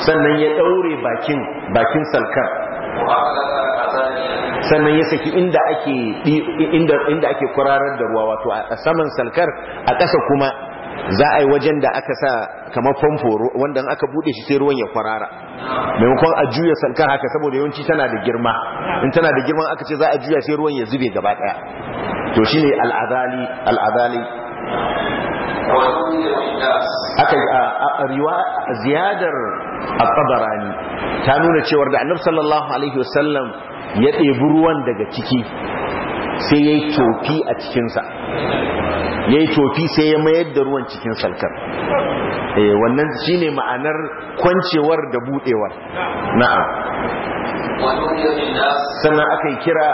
sannan ya daure bakin bakin salkar sannan ya saki inda ake inda ake kurarar da ruwa wato a saman salkar a ƙasa kuma za a yi wajen da aka sa kamar famfo wanda aka bude shi sai ruwan ya kwarara maimakon a juya sankar haka saboda yawanci tana da girma in tana da girma aka ce za a juya sai ruwan ya zube gaba daya to ne al'adali al'adali aka riwa ziyadar al ta nuna cewar da annabi sallallahu alaihi wasallam ya ɗebi ruwan daga ciki sai ya yi tofi a cikinsa ya yi tofi sai ya mayar da ruwan cikin salkar eh, wannan shi ne ma'anar kwancewar da budewar na'am sannan aka yi kira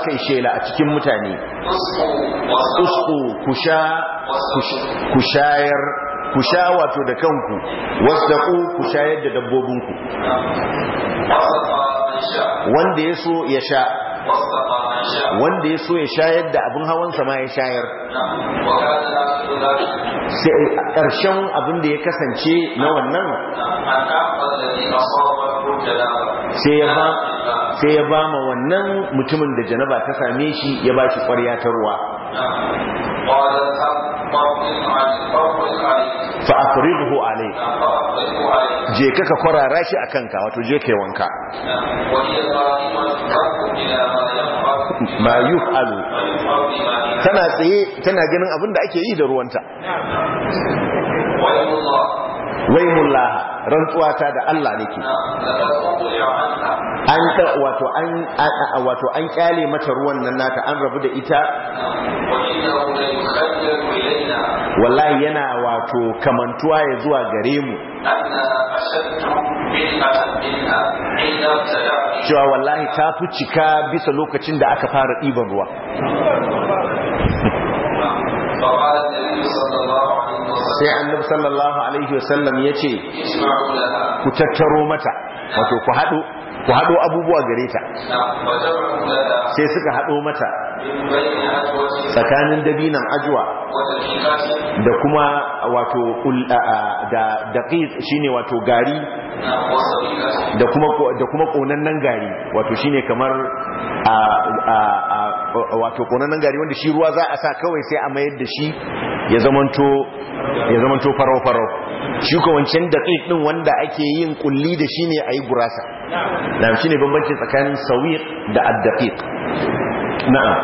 aka yi shela a cikin mutane usku kusha kushayar kusha wato da kanku wasdaku ku shayar da dabbobinku wanda ya so ya sha wanda ya so ya shayar da abin hawansa ma ya shayar ƙarshen abin da ya kasance na wannan sai ya ba ma wannan mutumin da janaba ta same shi ya ba shi ƙwarya ta ruwa fa buhu alai je ka kwarara shi a kanka wato je kai wanka ma halu tana tsaye tana ganin abin da ake yi da ruwanta waimullaha rantsuwa ta da Allah nake an ta wato an wato an kyale mata ruwan nan nata an rabu da ita wallahi yana wato kamantuwa ya zuwa gare mu cewa wallahi ta fi cika bisa lokacin da aka fara ɗiban ruwa sai annabi sallallahu alaihi wasallam ya ce ku tattaro mata wato ku haɗu ku haɗo abubuwa gare ta sai suka haɗo mata tsakanin dabinan ajuwa da kuma wato da daqiq shine wato gari da kuma da kuma konannen gari wato shine kamar a wato konannen gari wanda shi ruwa za a sa kawai sai a mayar da shi ya zamanto ya zamanto farau-farau shi ko wancan daqiq din wanda ake yin kulli da shi ne ayi gurasa Na shi ne bambanci tsakanin sawiq da ad na'am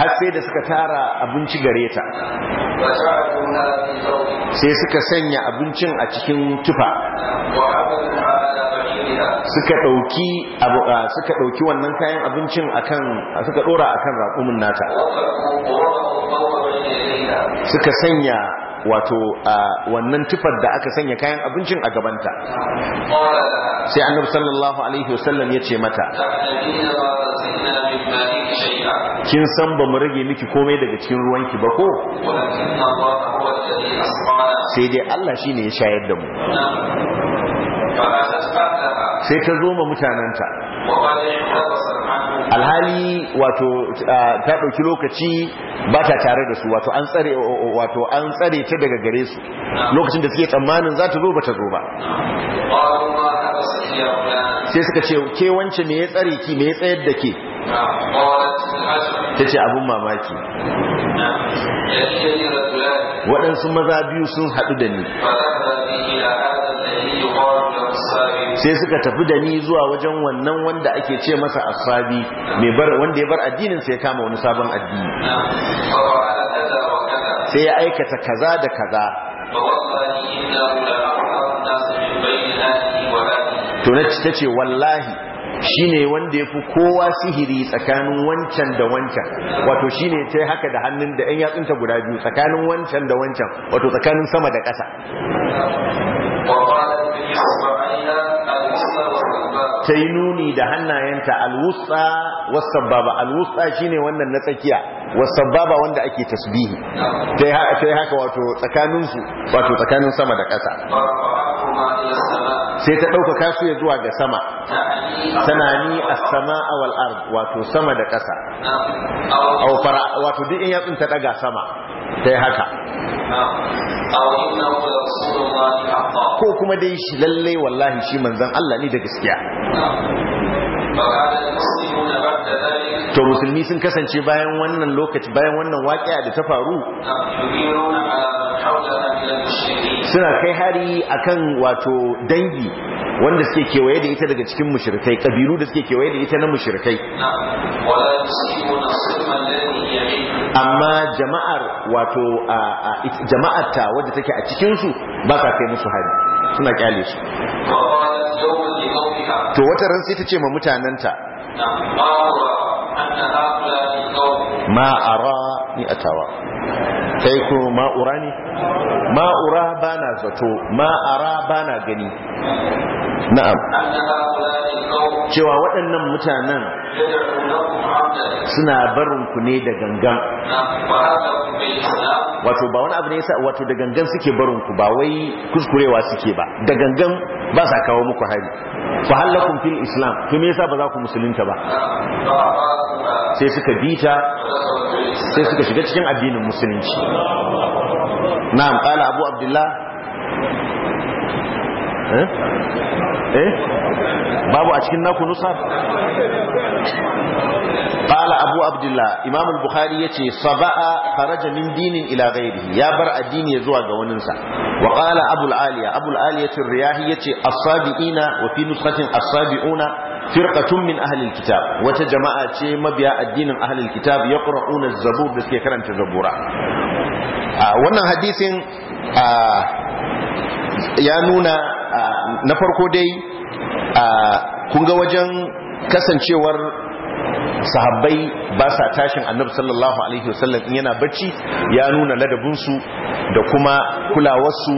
har sai da suka tara abinci gare ta sai suka sanya abincin a cikin tufa suka dauki suka dauki wannan kayan abincin akan suka dora akan raƙumin nata suka sanya wato wannan tufar da aka sanya kayan abincin a gabanta sai annabi sallallahu alaihi wasallam ya ce mata kin san ba mu rage miki komai daga cikin ruwanki ba ko sai dai Allah shine ya shayar da mu sai ta zo ma mutananta alhali wato ta ɗauki lokaci ba ta tare da su wato an tsare wato an tsare ta daga gare su lokacin da suke tsammanin za ta zo ba ta zo ba sai suka ce ke wancan ya tsare ki me ya tsayar da ke ta ce abin mamaki waɗansu maza biyu sun haɗu da ni sai suka tafi da ni zuwa wajen wannan wanda ake ce masa asabi mai bar wanda ya bar addinin sai ya kama wani sabon addini sai ya aikata kaza da kaza to na ta ce wallahi shi ne wanda ya fi kowa sihiri tsakanin wancan da wancan wato shi ne ta haka da hannun da 'yan yatsunta guda biyu tsakanin wancan da wancan wato tsakanin sama da ƙasa ta yi nuni da hannayenta alwusa wasabbaba alwusa shine wannan na tsakiya wasabbaba wanda ake tasbihi ta yi haka wato tsakaninsu wato tsakanin sama da ƙasa sai ta ɗaukaka su ya zuwa ga sama tana ni a sama awal ard wato sama da ƙasa wato duk in yatsun ta ɗaga sama ta yi haka ko kuma dai shi lallai wallahi shi manzan Allah ne da gaskiya to musulmi sun kasance bayan wannan lokaci bayan wannan waƙiya da ta faru suna kai hari akan wato dangi wanda suke kewaye da ita daga cikin mushirkai kabilu da suke kewaye da ita na mushirkai amma jama'ar wato jama'ar ta wadda take a cikinsu su ba ka kai musu hari suna kyale su to wata ran sai ta ce ma mutananta ma ara ni atawa Sai ko ma'ura ne ma'ura ba na zato ma'ara ba na gani na'am cewa waɗannan mutanen suna barin ku ne da gangan wato ba wani abu ne yasa wato da gangan suke barin ku ba wai kuskurewa suke ba da gangan ba sa kawo muku hari fa halakum fil islam kuma yasa ba za ku musulunta ba sai suka bita sai suka shiga cikin addinin musulunci na'am qala abu abdullah eh, eh? babu a cikin naku nusa qala abu abdullah Imamul al ya yace saba'a faraja min dinin ila ghairihi ya bar addini ya zuwa ga wani sa wa qala abu al abu al-aliya ya riyahi yace as-sabiina wa fi nusxatin as firqatun min ahlil kitab wata jama'a ce mabiya addinin ahlil kitab yaqra'una az-zabur da suke karanta zabura wannan hadisin ya nuna na farko dai kun ga wajen kasancewar sahabbai ba sa tashin annabi sallallahu alaihi wasallam yana bacci ya nuna ladabinsu da kuma kulawarsu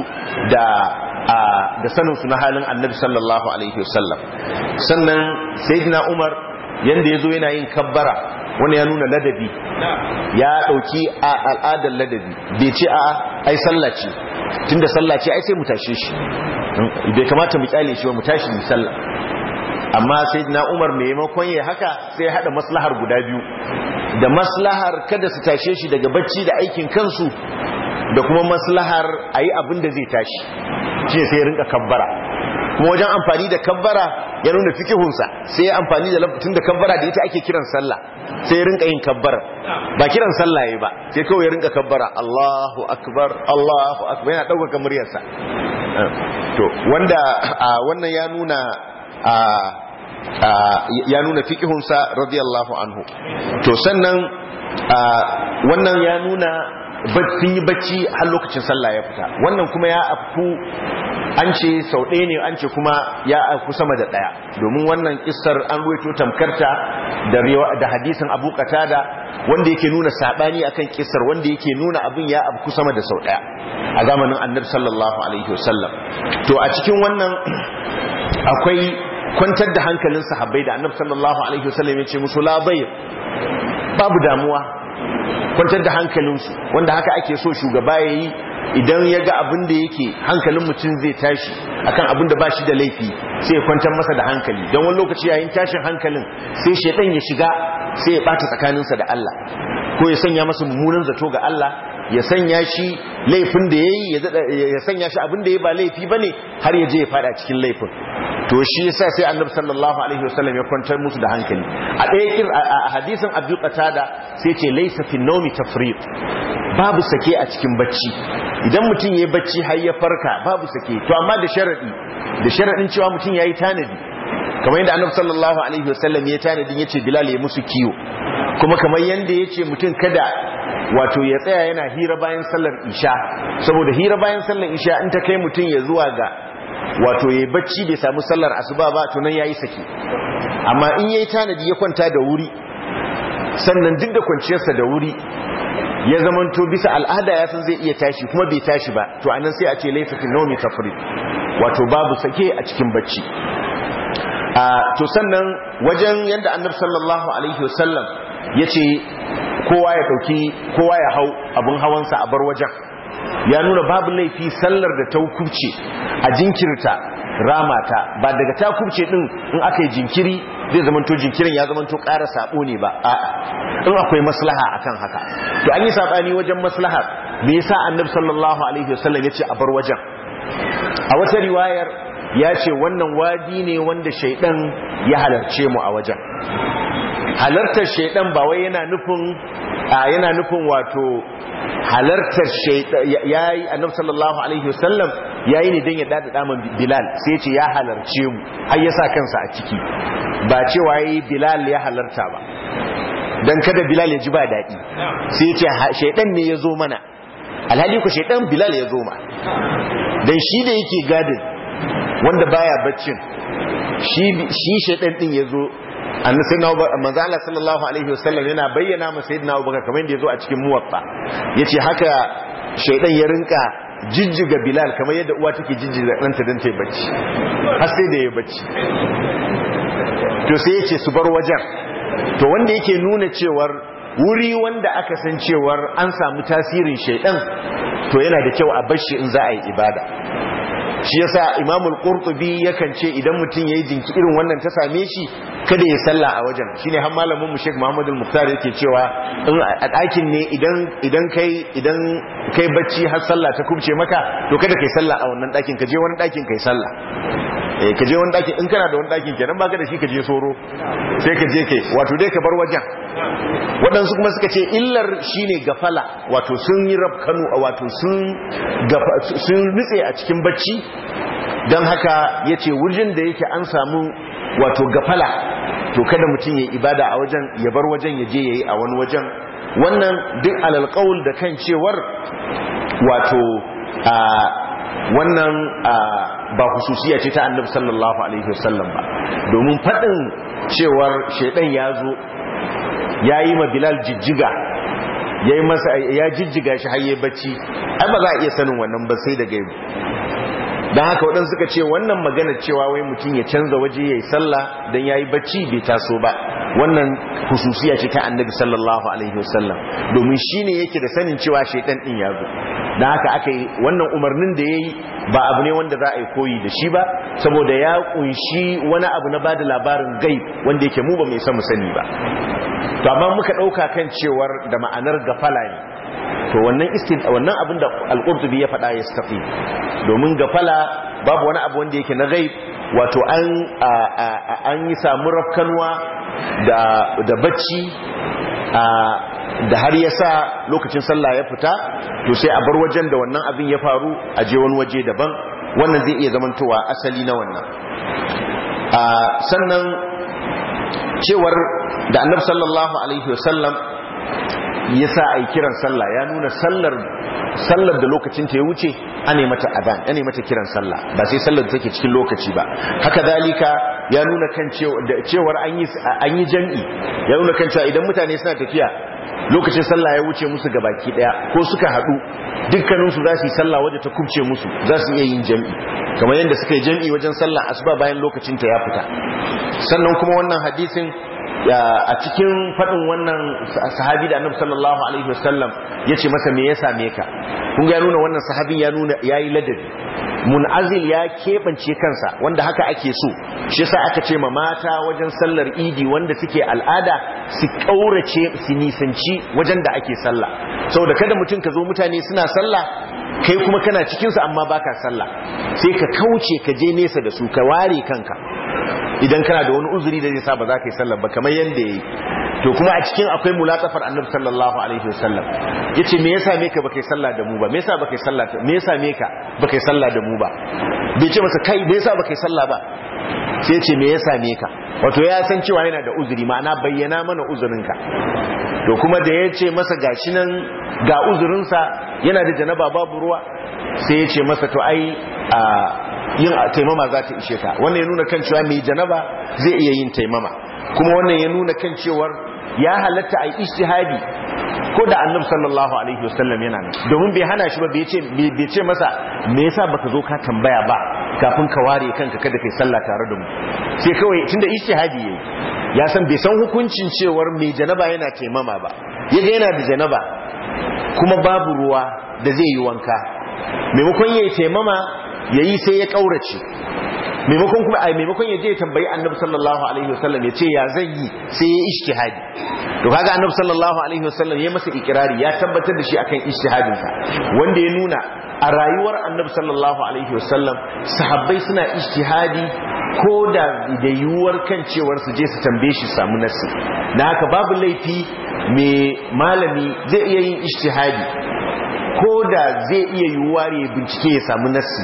da da sanin su na halin annabi sallallahu alaihi wasallam sannan sayyidina umar yanda yazo yana yin kabbara wani ya nuna ladabi ya dauki a al'adar ladabi bai ce a ai sallaci tunda sallaci ai sai mu tashe shi bai kamata mu kyale shi ba mu tashi mu sallah amma sayyidina umar mai maimakon ya haka sai ya hada maslahar guda biyu da maslahar kada su tashe shi daga bacci da aikin kansu da kuma maslahar a yi abin da zai tashi shi sai ya rinka kabbara kuma wajen amfani da kabbara ya nuna kihunsa sai ya amfani da lafutun da kabbara da ita ake kiran sallah sai ya rinka yin kabbara ba kiran sallah ya ba sai kawai ya rinka kabbara Allahu akbar Allahu akbar yana ɗaukaka muryarsa to wanda wannan ya nuna ya nuna kihunsa radiyallahu anhu to sannan wannan ya nuna sun yi bacci har lokacin sallah ya fita wannan kuma ya afku an ce sau ɗaya ne an ce kuma ya afku sama da ɗaya domin wannan kisar an ruwaito tamkarta da hadisin abu da wanda yake nuna saɓani akan kissar wanda yake nuna abin ya afku sama da sau ɗaya a zamanin annabi sallallahu alaihi wasallam to a cikin wannan akwai kwantar da hankalin sahabbai da annabi sallallahu alaihi wasallam ya ce musu labai babu damuwa kwantar da hankalinsu wanda haka ake so shugaba ya yi idan ya ga abin da yake hankalin mutum zai tashi akan abin da ba shi da laifi sai ya kwantar masa da hankali don wani lokaci yayin tashin hankalin sai shaidan ya shiga sai ya bata tsakaninsa da Allah ko ya sanya masa mummunan zato ga Allah ya sanya shi laifin da yayi ya sanya shi abin da yayi ba laifi ba ne har ya je ya fada cikin laifin to shi yasa sai Annabi sallallahu alaihi wasallam ya kwantar musu da hankali a ɗaya a hadisin Abu Qatada sai ce laysa fi nawmi tafriq babu sake a cikin bacci idan mutum yayi bacci har ya farka babu sake to amma da sharadi da sharadin cewa mutum yayi tanadi kamar yadda Annabi sallallahu alaihi wasallam ya tanadi yace Bilal ya musu kiyo kuma kamar yadda ya ce mutum kada wato ya tsaya yana hira bayan sallar isha saboda hira bayan sallar isha in ta kai mutum ya zuwa ga wato ya bacci bai samu sallar asuba ba to nan yi sake. amma in ya yi tanadi ya kwanta da wuri sannan duk da kwanciyarsa da wuri ya zamanto bisa al'ada ya san zai iya tashi kuma bai tashi ba to anan sai a ce laifin fi nawmi tafrid wato babu sake a cikin bacci to sannan wajen yadda annabi sallallahu alaihi wasallam ya ce kowa ya ɗauki kowa ya hau abin hawansa a bar wajen ya nuna babu laifi sallar da ta kubce a jinkirta ramata ba daga ta kubce din in aka yi jinkiri zai to jinkirin ya zamanto ƙara saɓo ne ba a'a in akwai maslaha a kan haka to an yi saɓani wajen maslaha me yasa annabi sallallahu alaihi wasallam ce a bar wajen a wata riwayar ya ce wannan wadi ne wanda shaidan ya halarce mu a wajen halartar shaidan ba wai yana nufin yana nufin wato halartar shaidan yayi annabi sallallahu alaihi wasallam yayi ne dan ya dada daman bilal sai ce ya halarce mu har ya sa kansa a ciki ba cewa yayi bilal ya halarta ba dan kada bilal ya ji ba daɗi sai ce shaidan ne ya zo mana alhali ku shaidan bilal ya zo ma dan shi da yake gadin wanda baya baccin shi shi shaidan din ya zo annabi sayyidina manzo Allah sallallahu alaihi wasallam yana bayyana ma sayyidina Abubakar kamar yadda yazo a cikin muwatta yace haka shaydan ya rinka jijjiga Bilal kamar yadda uwa take jijjiga ɗanta dan tayi bacci har sai da ya bacci to sai yace su bar wajen to wanda yake nuna cewar wuri wanda aka san cewar an samu tasirin shaydan to yana da kyau a bar shi in za a yi ibada shi yasa imamul al-Qurtubi yakan ce idan mutum yi jinki irin wannan ta same shi kada ya salla a wajen shine har malamin mu Sheikh Muhammad al muftar yake cewa a ɗakin ne idan idan kai idan kai bacci har sallah ta kubce maka to kada kai salla a wannan dakin ka je wani ɗakin kai salla eh ka je wani ɗakin in kana da wani ɗakin kenan baka da shi ka je soro sai ka je kai wato dai ka bar wajen waɗansu kuma suka ce illar shine gafala wato sun yi a wato sun nutse a cikin bacci dan haka yace wurin da yake an samu wato gafala to kada mutum ya ibada a wajen ya bar wajen ya je ya a wani wajen wannan duk qaul da kan cewar wato a wannan ba hususiya ce ta annabi sallallahu alaihi wasallam ba domin fadin cewar shaidan ya zo ya yi ma bilal jijjiga ya yi masa ya jijjiga shi har yayi bacci ai ba za a iya sanin wannan ba sai daga don haka waɗansu suka ce wannan magana cewa wai mutum ya canza waje ya yi sallah don ya yi bacci bai taso ba wannan hususiya ce ta annabi sallallahu alaihi wasallam domin shi ne yake da sanin cewa shaidan ɗin ya zo don haka aka yi wannan umarnin da ya yi ba abu ne wanda za a yi koyi da shi ba saboda ya kunshi wani abu na bada labarin gai wanda yake mu ba mai samu sani ba to amma muka ɗauka kan cewar da ma'anar gafala ne to wannan istin wannan abin da al-qurtubi ya faɗa ya safi domin gafala babu wani abu wanda yake na ghaib wato an an yi samu rafkanwa da da bacci da har ya sa lokacin sallah ya fita to sai a bar wajen da wannan abin ya faru a je wani waje daban wannan zai iya zamantowa asali na wannan sannan cewar da annabi sallallahu alaihi wasallam ya sa a yi kiran sallah ya nuna sallar da lokacin ta ya wuce ne mata adan ne mata kiran sallah ba sai sallar da take cikin lokaci ba haka dalika ya nuna kan cewar an yi jam'i ya nuna kan cewa idan mutane suna tafiya lokacin sallah ya wuce musu ga baki daya ko suka haɗu dukkaninsu za su yi sallah waje ta kubce musu za su iya yin jam'i kamar yadda suka yi jam'i wajen sallah asuba bayan lokacin ta ya fita sannan kuma wannan hadisin a cikin faɗin wannan sahabi da annabi sallallahu alaihi wasallam yace masa me ya same ka kun ga nuna wannan sahabin ya nuna yayi ladabi munazil ya keɓance kansa wanda haka ake so shi yasa aka ce ma mata wajen sallar idi wanda suke al'ada su kaurace su nisanci wajen da ake sallah saboda kada mutum ka zo mutane suna sallah kai kuma kana cikin su amma baka sallah sai ka kauce ka je nesa da su ka ware kanka idan kana da wani uzuri da zai sa ba za ka yi sallar ba kamar yadda ya yi to kuma a cikin akwai mulatafar annabi sallallahu alaihi wasallam ya ce me ya same ka bakai yi sallah da mu ba me yasa baka salla sallah me ya me ka baka yi sallah da mu ba bai ce masa kai me yasa baka yi sallah ba sai ce me ya same ka wato ya san cewa yana da uzuri ma'ana bayyana mana uzurinka to kuma da ya ce masa gashi nan ga uzurinsa yana da janaba babu ruwa sai ya ce masa to ai yin taimama za ta ishe ta wannan ya nuna kan cewa mai janaba zai iya yin taimama kuma wannan ya nuna kan cewar ya halatta a ijtihadi ko da annabi sallallahu alaihi wasallam yana nan domin bai hana shi ba bai ce masa me yasa baka zo ka tambaya ba kafin ka ware kanka kada kai sallah tare da mu sai kawai tunda ijtihadi yayi ya san bai san hukuncin cewar mai janaba yana taimama ba yaga yana da janaba kuma babu ruwa da zai yi wanka maimakon yayi taimama yayi sai ya kaurace maimakon kuma ai maimakon ya je ya tambayi annabi sallallahu alaihi wasallam ya ce ya zan yi sai ya ishtihadi to kaga annabi sallallahu alaihi wasallam ya masa ikirari ya tabbatar da shi akan ishtihadin sa wanda ya nuna a rayuwar annabi sallallahu alaihi wasallam sahabbai suna ishtihadi ko da da yiwuwar kan cewar su je su tambaye shi samu nasi na haka babu laifi mai malami zai iya yin ishtihadi ko da zai iya yiwuwa ne bincike ya samu nassi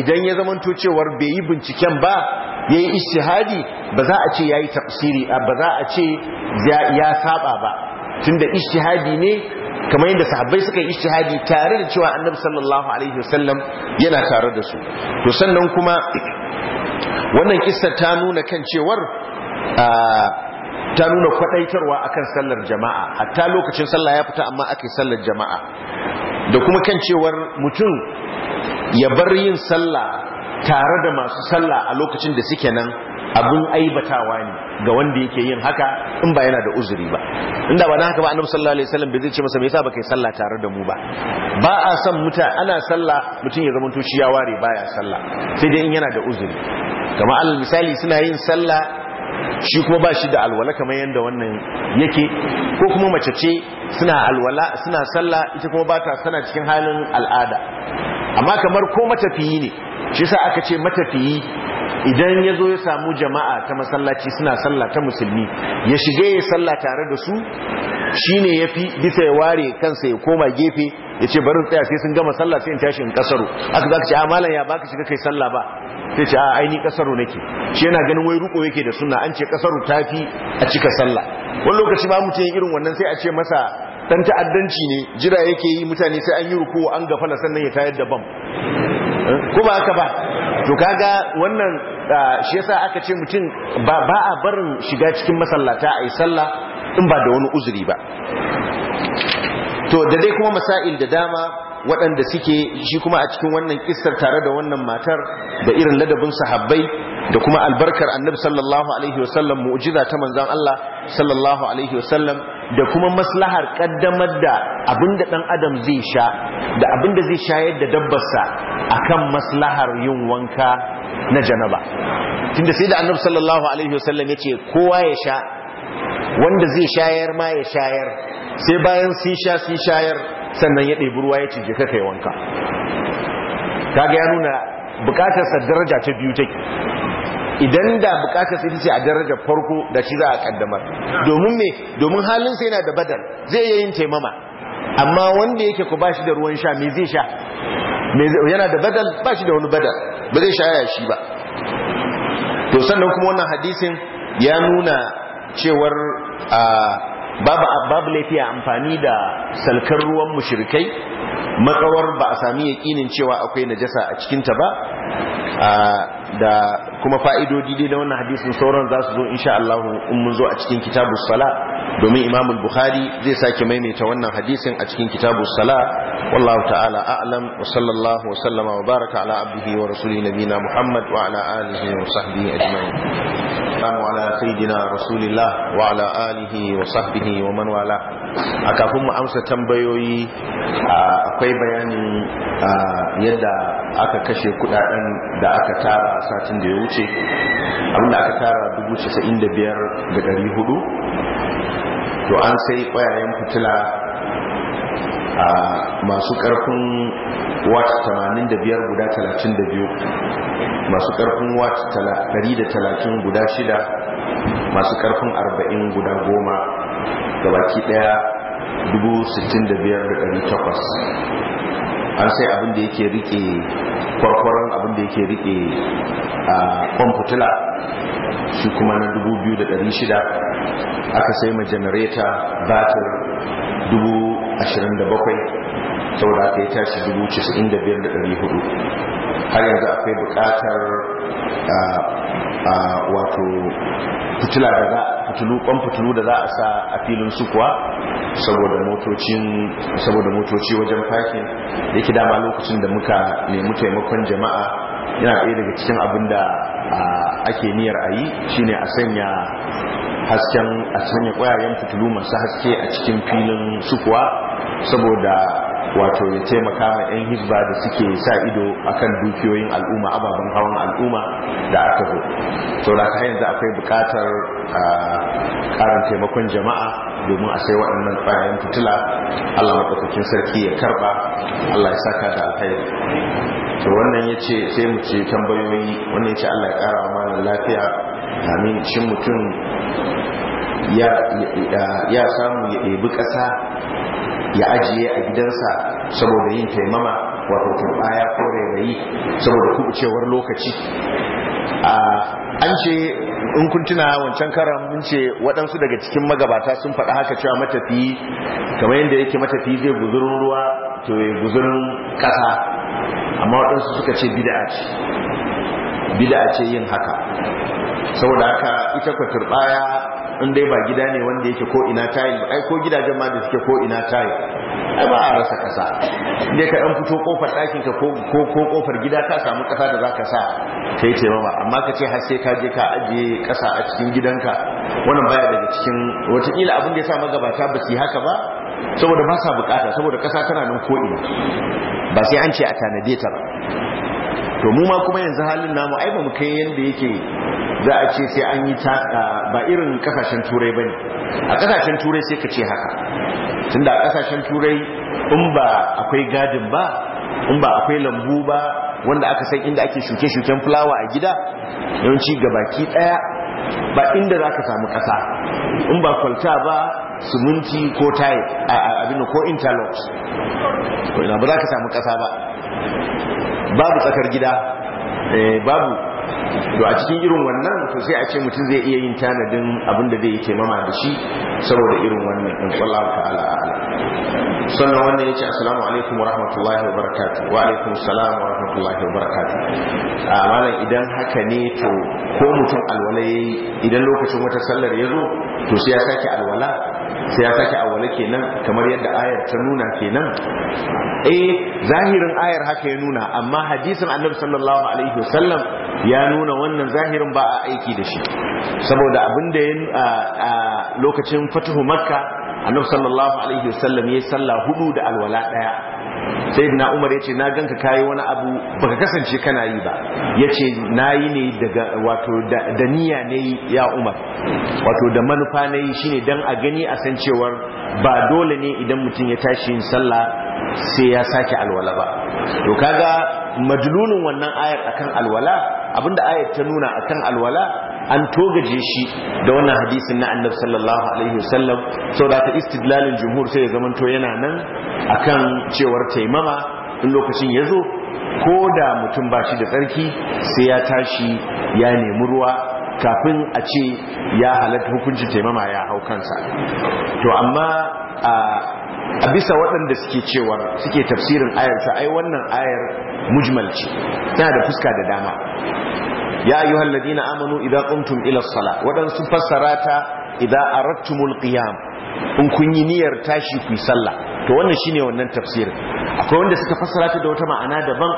idan ya zamanto cewar bai yi binciken ba ya yi ishihadi ba za a ce ya yi tafsiri ba za a ce ya saba ba tunda ishihadi ne kamar yadda sahabbai suka yi ishihadi tare da cewa annabi sallallahu alaihi wasallam yana tare da su to sannan kuma wannan kissa ta nuna kan cewar ta nuna kwadaitarwa akan sallar jama'a hatta lokacin sallah ya fita amma ake sallar jama'a da kuma kan cewar mutum ya bar yin sallah tare da masu sallah a lokacin da suke nan abin aibatawa ne ga wanda yake yin haka in ba yana da uzuri ba inda ba na haka ba annabi sallallahu alaihi wasallam bai zai ce masa me yasa baka yi sallah tare da mu ba ba a san muta ana sallah mutum ya zama to shi ya ware baya sallah sai dai in yana da uzuri kamar al misali suna yin sallah shi kuma ba shi da alwala kamar yadda wannan yake ko kuma mace ce suna alwala suna sallah ita kuma ba ta sana cikin halin al'ada amma kamar ko matafiyi ne shi sa aka ce matafiyi idan ya zo ya samu jama'a ta masallaci suna sallah ta musulmi ya shiga ya sallah tare da su shi shine fi bisa ya ware kansa ya koma gefe yace barin tsaya sai sun gama sallah sai in tashi in kasaro aka zaka ce a ah, malam ya baka shiga kai sallah ba sai ce a ah, aini kasaro nake shi yana ganin wai ruko yake da sunna an ce kasaro tafi a cika sallah wani lokaci ba mutum irin wannan sai a ce masa dan ta'addanci ne jira yake yi mutane sai an yi ruku an gafala sannan ya tayar da bam ko ba haka ba to kaga wannan ah, shi yasa aka ce mutum ba a barin shiga cikin masallata a yi sallah in ba da wani uzuri ba to da dai kuma masail da dama waɗanda suke shi kuma a cikin wannan kissar tare da wannan matar da irin ladabin sahabbai da kuma albarkar annabi sallallahu alaihi wasallam mu'jiza ta manzon Allah sallallahu alaihi wasallam da kuma maslahar kaddamar da abinda dan adam zai sha da abinda zai shayar da dabbarsa akan maslahar yin wanka na janaba tunda sai da annabi sallallahu alaihi wasallam yace kowa ya sha wanda zai shayar ma ya shayar sai bayan sun sha sun shayar sannan ya ɗebi ruwa ya cije ka kai wanka kaga ya nuna sa daraja ta biyu take idan da bukatar sai ce a daraja farko da shi za a kaddamar domin me domin halinsa yana da badal zai yi yin taimama amma wanda yake ku bashi da ruwan sha me zai sha yana da badal bashi da wani badal ba zai shaya shi ba to sannan kuma wannan hadisin ya nuna cewar ah, babu laifi a amfani da salkar ruwan mushirkai matsawar ba a sami yaƙinin cewa akwai najasa a cikinta ba da kuma fa'idodi dai da wannan hadisin sauran za su zo insha Allah in mun zo a cikin kitabus sala domin Imam bukhari zai sake maimaita wannan hadisin a cikin kitabus sala wallahu ta'ala a'lam wa sallallahu wa sallama wa baraka ala abdihi wa rasulihi nabina Muhammad wa ala alihi wa sahbihi ajma'in salamu ala sayidina rasulillah wa ala alihi wa sahbihi wa man wala a kafin mu amsa tambayoyi a akwai bayani yadda aka kashe kudaden da aka tara satin da ya wuce abinda aka tara 95,400 to an sai kwayayen fitila masu karfin da 85 guda 32 masu karfin da 130 guda 6 masu karfin 40 guda 10 gabaki daya 65,800 an sai abin da yake rike kwarkwaron abin da yake rike a kwamfutula shi kuma na 2,600 aka sai ma janareta batir 27,000 saboda aka yi tashi 95,400 har yanzu akwai bukatar wato fitila da za a fitulu kwan fitulu da za a sa a filin su kuwa saboda motoci wajen fakin da yake dama lokacin da muka nemi taimakon jama'a yana ɗaya daga cikin abin da ake niyar a yi shine a sanya hasken a sanya ƙwayayen fitulu masu haske a cikin filin su kuwa saboda wato ya taimaka ma 'yan hizba da suke sa ido akan dukiyoyin al'umma ababen hawan al'umma da aka zo to da ka yanzu akwai bukatar karin taimakon jama'a domin a sai waɗannan bayan fitila allah maɗaukakin sarki ya karɓa allah ya saka da alkhairi to wannan ya ce sai mu ce tambayoyi wannan ya ce allah ya ƙara wa malam lafiya amin shin mutum ya samu ya ɗebi ƙasa ya ajiye a gidansa saboda yin taimama wato kore ko yi saboda kubucewar lokaci an ce in kun tuna wancan karan mun ce waɗansu daga cikin magabata sun faɗa haka cewa matafi kamar yadda yake matafi zai guzurin ruwa to ya guzurin ƙasa amma waɗansu suka ce bid'a ce bid'a ce yin haka saboda haka ita turbaya in dai ba gida ne wanda yake ko ina tayi ai ko gidajen ma da suke ko ina tayi ai ba a rasa kasa dai ka dan fito kofar ɗakin ka ko ko kofar gida ka samu kasa da zaka sa kai ce ba amma ka ce har sai ka je ka ajiye kasa a cikin gidanka wannan baya daga cikin watakila abin da ya sa magabata ba su yi haka ba saboda ba sa bukata saboda kasa tana nan ko ina ba sai an ce a tanade ta ba to mu ma kuma yanzu halin namu ai ba mu kai yanda yake za a ce sai an yi ta ba irin kasashen turai bane a kasashen turai sai ka ce haka tunda a kasashen turai in ba akwai gadin ba in ba akwai lambu ba wanda aka san inda ake shuke-shuken fulawa a gida yawanci gabaki daya ba inda za ka samu kasa in ba kwalta ba suminti ko tayi abin ko interlocks ba za ka samu kasa ba babu tsakar gida eh, babu to a cikin irin wannan to sai a ce mutum zai iya yin tanadin abinda zai yi taimama da shi saboda irin wannan in wallahu ta'ala sannan wannan yace assalamu alaikum wa rahmatullahi wa barakatuh wa alaikum salam wa rahmatullahi wa barakatuh a malam idan haka ne to ko mutum alwala yayi idan lokacin wata sallar ya zo to sai ya sake alwala sai ya sake awwala kenan kamar yadda ayar ta nuna kenan eh zahirin ayar haka ya nuna amma hadisin annabi sallallahu alaihi wasallam ya nuna wannan zahirin ba a aiki da shi saboda abin da ya lokacin fatuhu makka annabi sallallahu alaihi wasallam ya salla hudu da alwala daya sai na umar ya ce na ganka kayi wani abu baka kasance kana yi ba ya ce na yi ne daga wato da niyya ne ya umar wato da manufa na yi shine don a gani a san cewar ba dole ne idan mutum ya tashi yin sallah sai ya sake alwala ba to kaga majalunin wannan ayar akan alwala abinda ayar ta nuna akan alwala an togaje shi da wannan hadisin na annabi sallallahu alaihi wasallam saboda ta istidlalin jumhur sai ya zamanto yana nan akan cewar taimama in lokacin ya zo ko da mutum ba shi da tsarki sai ya tashi ya nemi ruwa kafin a ce ya halatta hukuncin taimama ya hau kansa to amma a a bisa waɗanda suke cewar suke tafsirin ayar ta ai wannan ayar mujmal ce tana da fuska da dama ya ayyuha alladhina amanu idan qumtum ila as-salah wadansu fassara ta idza aradtumul qiyam in kun yi niyyar tashi ku yi sallah to wannan shine wannan tafsirin akwai wanda suka fassara ta da wata ma'ana daban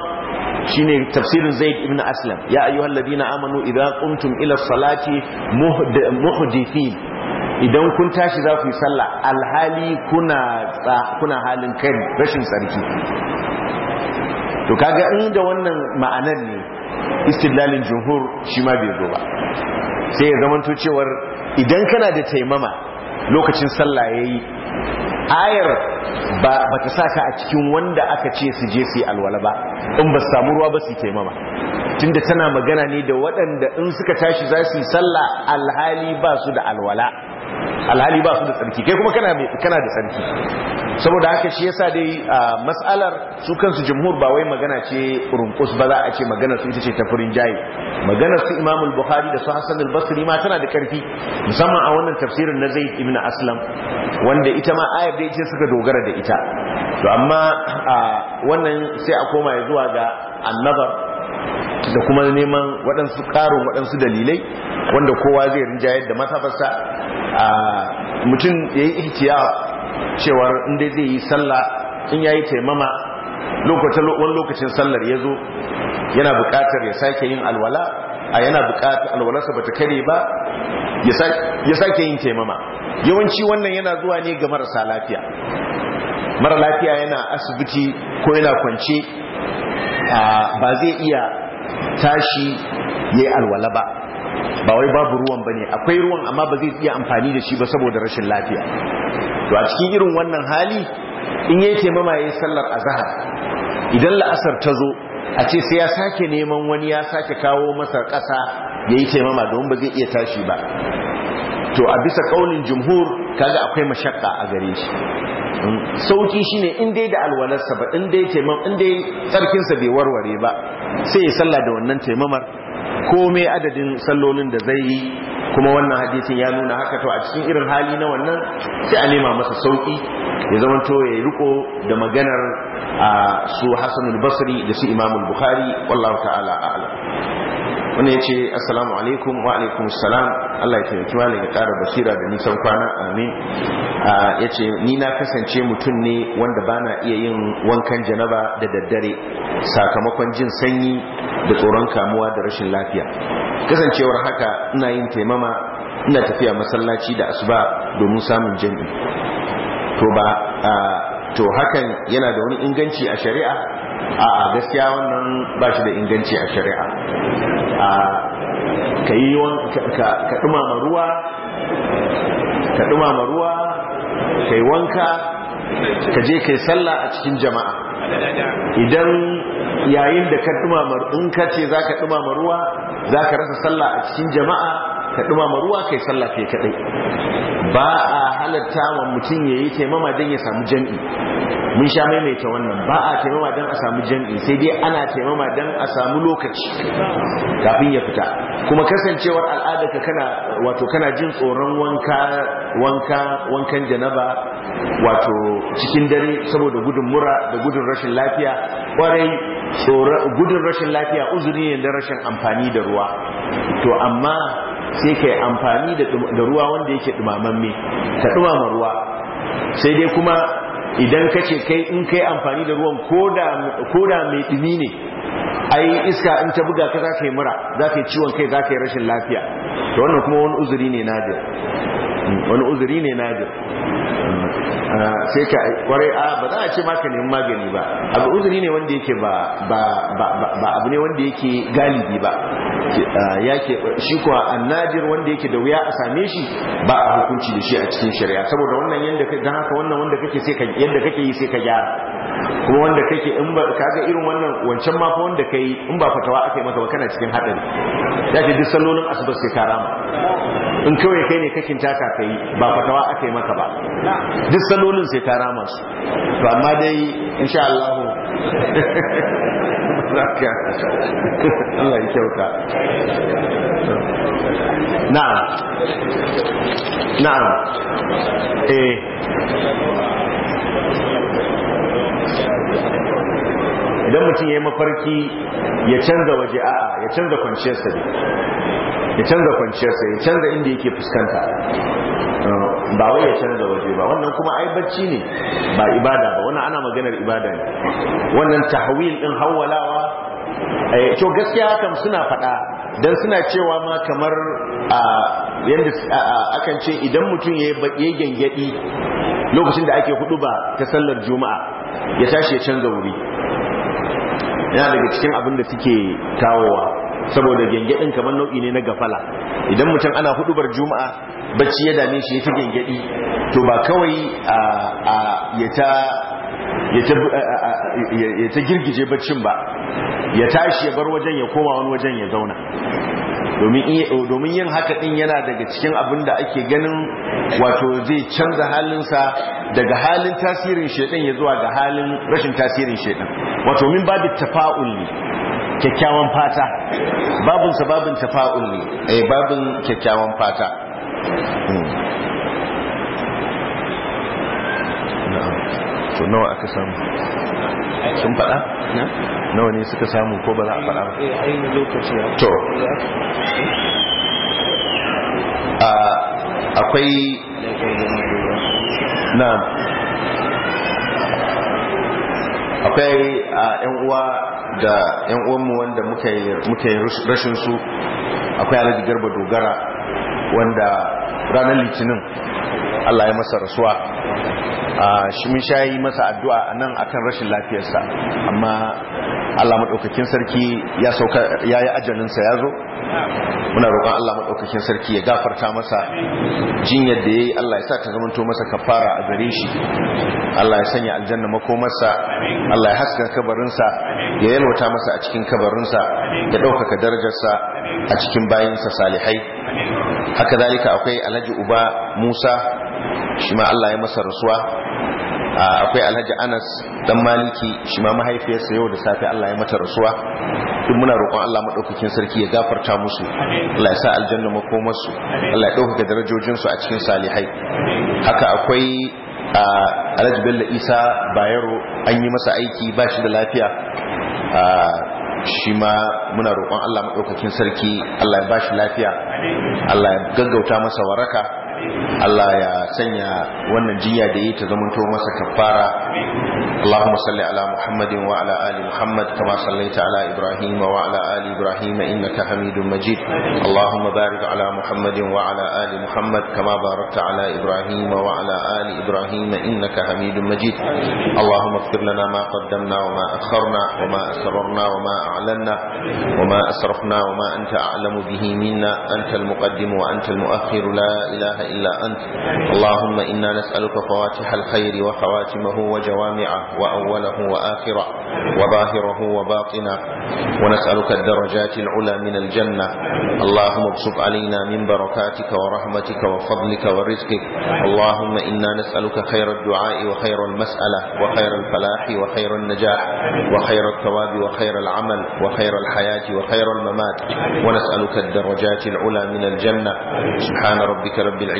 shine tafsirin Zaid ibn Aslam ya ayyuhal ladina amanu idza qumtum ila salati muhdithin idan kun tashi za ku yi sallah alhali kuna kuna halin kai rashin tsarki to kaga inda wannan ma'anar ne istidlalin jumhur shi ma bai zo ba sai ya zamanto cewar idan kana da taimama lokacin sallah yayi ayar ba ta ka a cikin wanda aka ce su je su yi alwala ba in ba samu ruwa ba su taimama tunda tana magana ne da waɗanda in suka tashi za su yi sallah alhali ba su da alwala alhali ba su da tsarki kai kuma kana da tsarki saboda haka shi yasa dai a matsalar su kansu jamhur ba wai magana ce rumkus ba za a ce magana su ita ce ta furin jayi magana su imam al-bukhari da su hasan al-basri ma tana da karfi musamman a wannan tafsirin na zaid ibn aslam wanda ita ma ayar da ita suka dogara da ita to amma wannan sai a koma ya zuwa ga annabar da kuma neman waɗansu ƙarin waɗansu dalilai wanda kowa zai rinja yadda masafarsa a mutum ya yi ihtiya cewar inda zai yi sallah in ya yi taimama wani lokacin sallar ya zo yana buƙatar ya sake yin alwala a yana buƙatar alwalarsa ba ta kare ba ya sake yin taimama yawanci wannan yana zuwa ne ga marasa lafiya mara lafiya yana asibiti ko yana kwance ba zai iya tashi yayi alwala ba ba wai babu ruwan bane akwai ruwan amma ba zai iya amfani da shi ba saboda rashin lafiya to a cikin irin wannan hali in yayi taimama ya yi sallar azhar idan la'asar ta zo a ce sai ya sake neman wani ya sake kawo masa ƙasa ya yayi taimama don ba zai iya tashi ba to a bisa kaulin jumhur kaga akwai mashakka a gare shi sauki shine in dai da alwalarsa ba in dai taimam in dai tsarkinsa bai warware ba sai ya salla da wannan taimamar komai adadin sallolin da zai yi kuma wannan hadisin ya nuna haka to a cikin irin hali na wannan sai a nema masa sauki ya zama to ya yi riko da maganar su Hassan al-Basri da su imamul bukhari wallahu ta'ala a'lam wani ya ce assalamu alaikum wa alaikum salam Allah ya taimaki malam ya tsara basira da nisan kwana amin ya ce ni na kasance mutum ne wanda bana iya yin wankan janaba da daddare sakamakon jin sanyi da tsoron kamuwa da rashin lafiya kasancewar haka ina yin taimama ina tafiya masallaci da asuba domin samun jam'i to ba to hakan yana da wani inganci a shari'a a gaskiya wannan ba shi da inganci a shari'a a ka yi ka dumama ruwa ka dumama ruwa ka yi wanka ka je ka yi sallah a cikin jama'a idan yayin da ka dumama in ka ce za ka dumama ruwa za ka rasa sallah a cikin jama'a ka dumama ruwa kai sallah kai kadai ba a halatta wa mutum yayi taimama dan ya samu jami'i mun sha maimaita wannan ba a taimama dan a samu jami'i sai dai ana taimama dan a samu lokaci kafin ya fita kuma kasancewar al'ada ka kana wato kana jin tsoron wanka wanka wankan janaba wato cikin dare saboda gudun mura da gudun rashin lafiya kwarai tsoron gudun rashin lafiya uzuri ne da rashin amfani da ruwa to amma sai yi amfani da ruwa wanda yake dumamamme ka dumama ruwa sai dai kuma idan ka ce kai in kai amfani da ruwan koda mai dumi ne a yi iska in ta buga ka za ka yi mura za ka yi ciwon kai za ka yi rashin lafiya to wannan kuma wani uzuri ne nadir hmm, wani uzuri ne nadir hmm. sai ka kware a ba za a ce maka neman magani ba abu uzuri ne wanda yake ba ba ba abu ne wanda yake galibi ba yake shi kuwa annadir wanda yake da wuya a same shi ba a hukunci da shi a cikin shari'a saboda wannan yanda ka dan haka wannan wanda kake sai ka yanda kake yi sai ka gyara kuma wanda kake in ba ka ga irin wannan wancan ma fa wanda kai in ba fatawa aka yi maka ba kana cikin hadari yake duk sallolin asuba sai ka rama in kawai kai ne kakin taka ka yi ba fatawa aka yi maka ba duk salolin sai ta rama su to amma dai insha Allah <laughs> <laughs> Allah ya kyauta na'am na'am eh idan mutum ya yi mafarki ya canza waje a'a ya canza kwanciyarsa ne ya canza kwanciyarsa ya canza inda yake fuskanta ba wai ya canza waje ba wannan kuma ai bacci ne ba ibada ba wannan ana maganar ibada ne wannan tahwil din hauwalawa. Eh, to gaskiya hakan suna faɗa dan suna cewa ma kamar a yanda akan ce idan mutum ya yi gyangyaɗi lokacin da ake hudu ba ta sallar juma'a ya tashi ya canza wuri yana daga cikin abin da suke kawowa saboda gengedin kamar nau'i ne na gafala idan mutum ana hudubar juma'a bacci ya dame shi ya ta gengedi to ba kawai ya ta girgije baccin ba ya tashi ya bar wajen ya koma wani wajen ya zauna domin yin haka din yana daga cikin abin da ake ganin wato zai canza halinsa daga halin tasirin shaidan ya zuwa ga halin rashin tasirin shaidan wato min babu tafa'ul ne kyakkyawan fata babin sababin tafa'ul ne eh babin kyakkyawan fata hmm. to nawa aka samu sun faɗa nawa ne suka samu ko ba za a faɗa eh, to akwai na akwai a 'yan uwa da yan uwanmu wanda muka yi rashin su akwai alaji garba dogara wanda ranar litinin allah ya masa rasuwa shi mun yi masa addu'a a nan akan rashin lafiyarsa amma Allah madaukakin sarki ya sauka yayi ajalin sa yazo muna roƙon Allah maɗaukakin sarki ya gafarta masa jinyar da yayi Allah ya sa ta zamanto masa kafara a gare shi Allah ya sanya aljanna makomarsa Allah ya haska kabarin sa ya yalwata masa a cikin kabarinsa ya ɗaukaka darajarsa a cikin bayin sa salihai haka zalika akwai Alhaji Uba Musa shi ma Allah ya masa rasuwa akwai alhaji anas dan maliki shi ma mahaifiyarsa yau da safe Allah ya mata rasuwa duk muna roƙon Allah madaukakin sarki ya gafarta musu Allah ya sa aljanna makomarsu Allah ya dauka darajojin su a cikin salihai haka akwai alhaji bello isa bayero an yi masa aiki ba shi da lafiya shi ma muna roƙon Allah madaukakin sarki Allah ya ba shi lafiya Allah ya gaggauta masa waraka Allah ya sanya wannan jinya da yi ta zamanto masa kafara Allahumma salli ala Muhammadin wa ala ali Muhammad kama sallaita ala Ibrahim wa ala ali Ibrahim innaka Hamidum Majid Allahumma barik ala Muhammadin wa ala ali Muhammad kama barakta ala Ibrahim wa ala ali Ibrahim innaka Hamidum Majid Allahumma إلا أنت اللهم إنا نسألك فواتح الخير وخواتمه وجوامعه وأوله وآخره وظاهره وباطنه ونسألك الدرجات العلى من الجنة اللهم ابسط علينا من بركاتك ورحمتك وفضلك ورزقك اللهم إنا نسألك خير الدعاء وخير المسألة وخير الفلاح وخير النجاح وخير الثواب وخير العمل وخير الحياة وخير الممات ونسألك الدرجات العلى من الجنة سبحان ربك رب العزة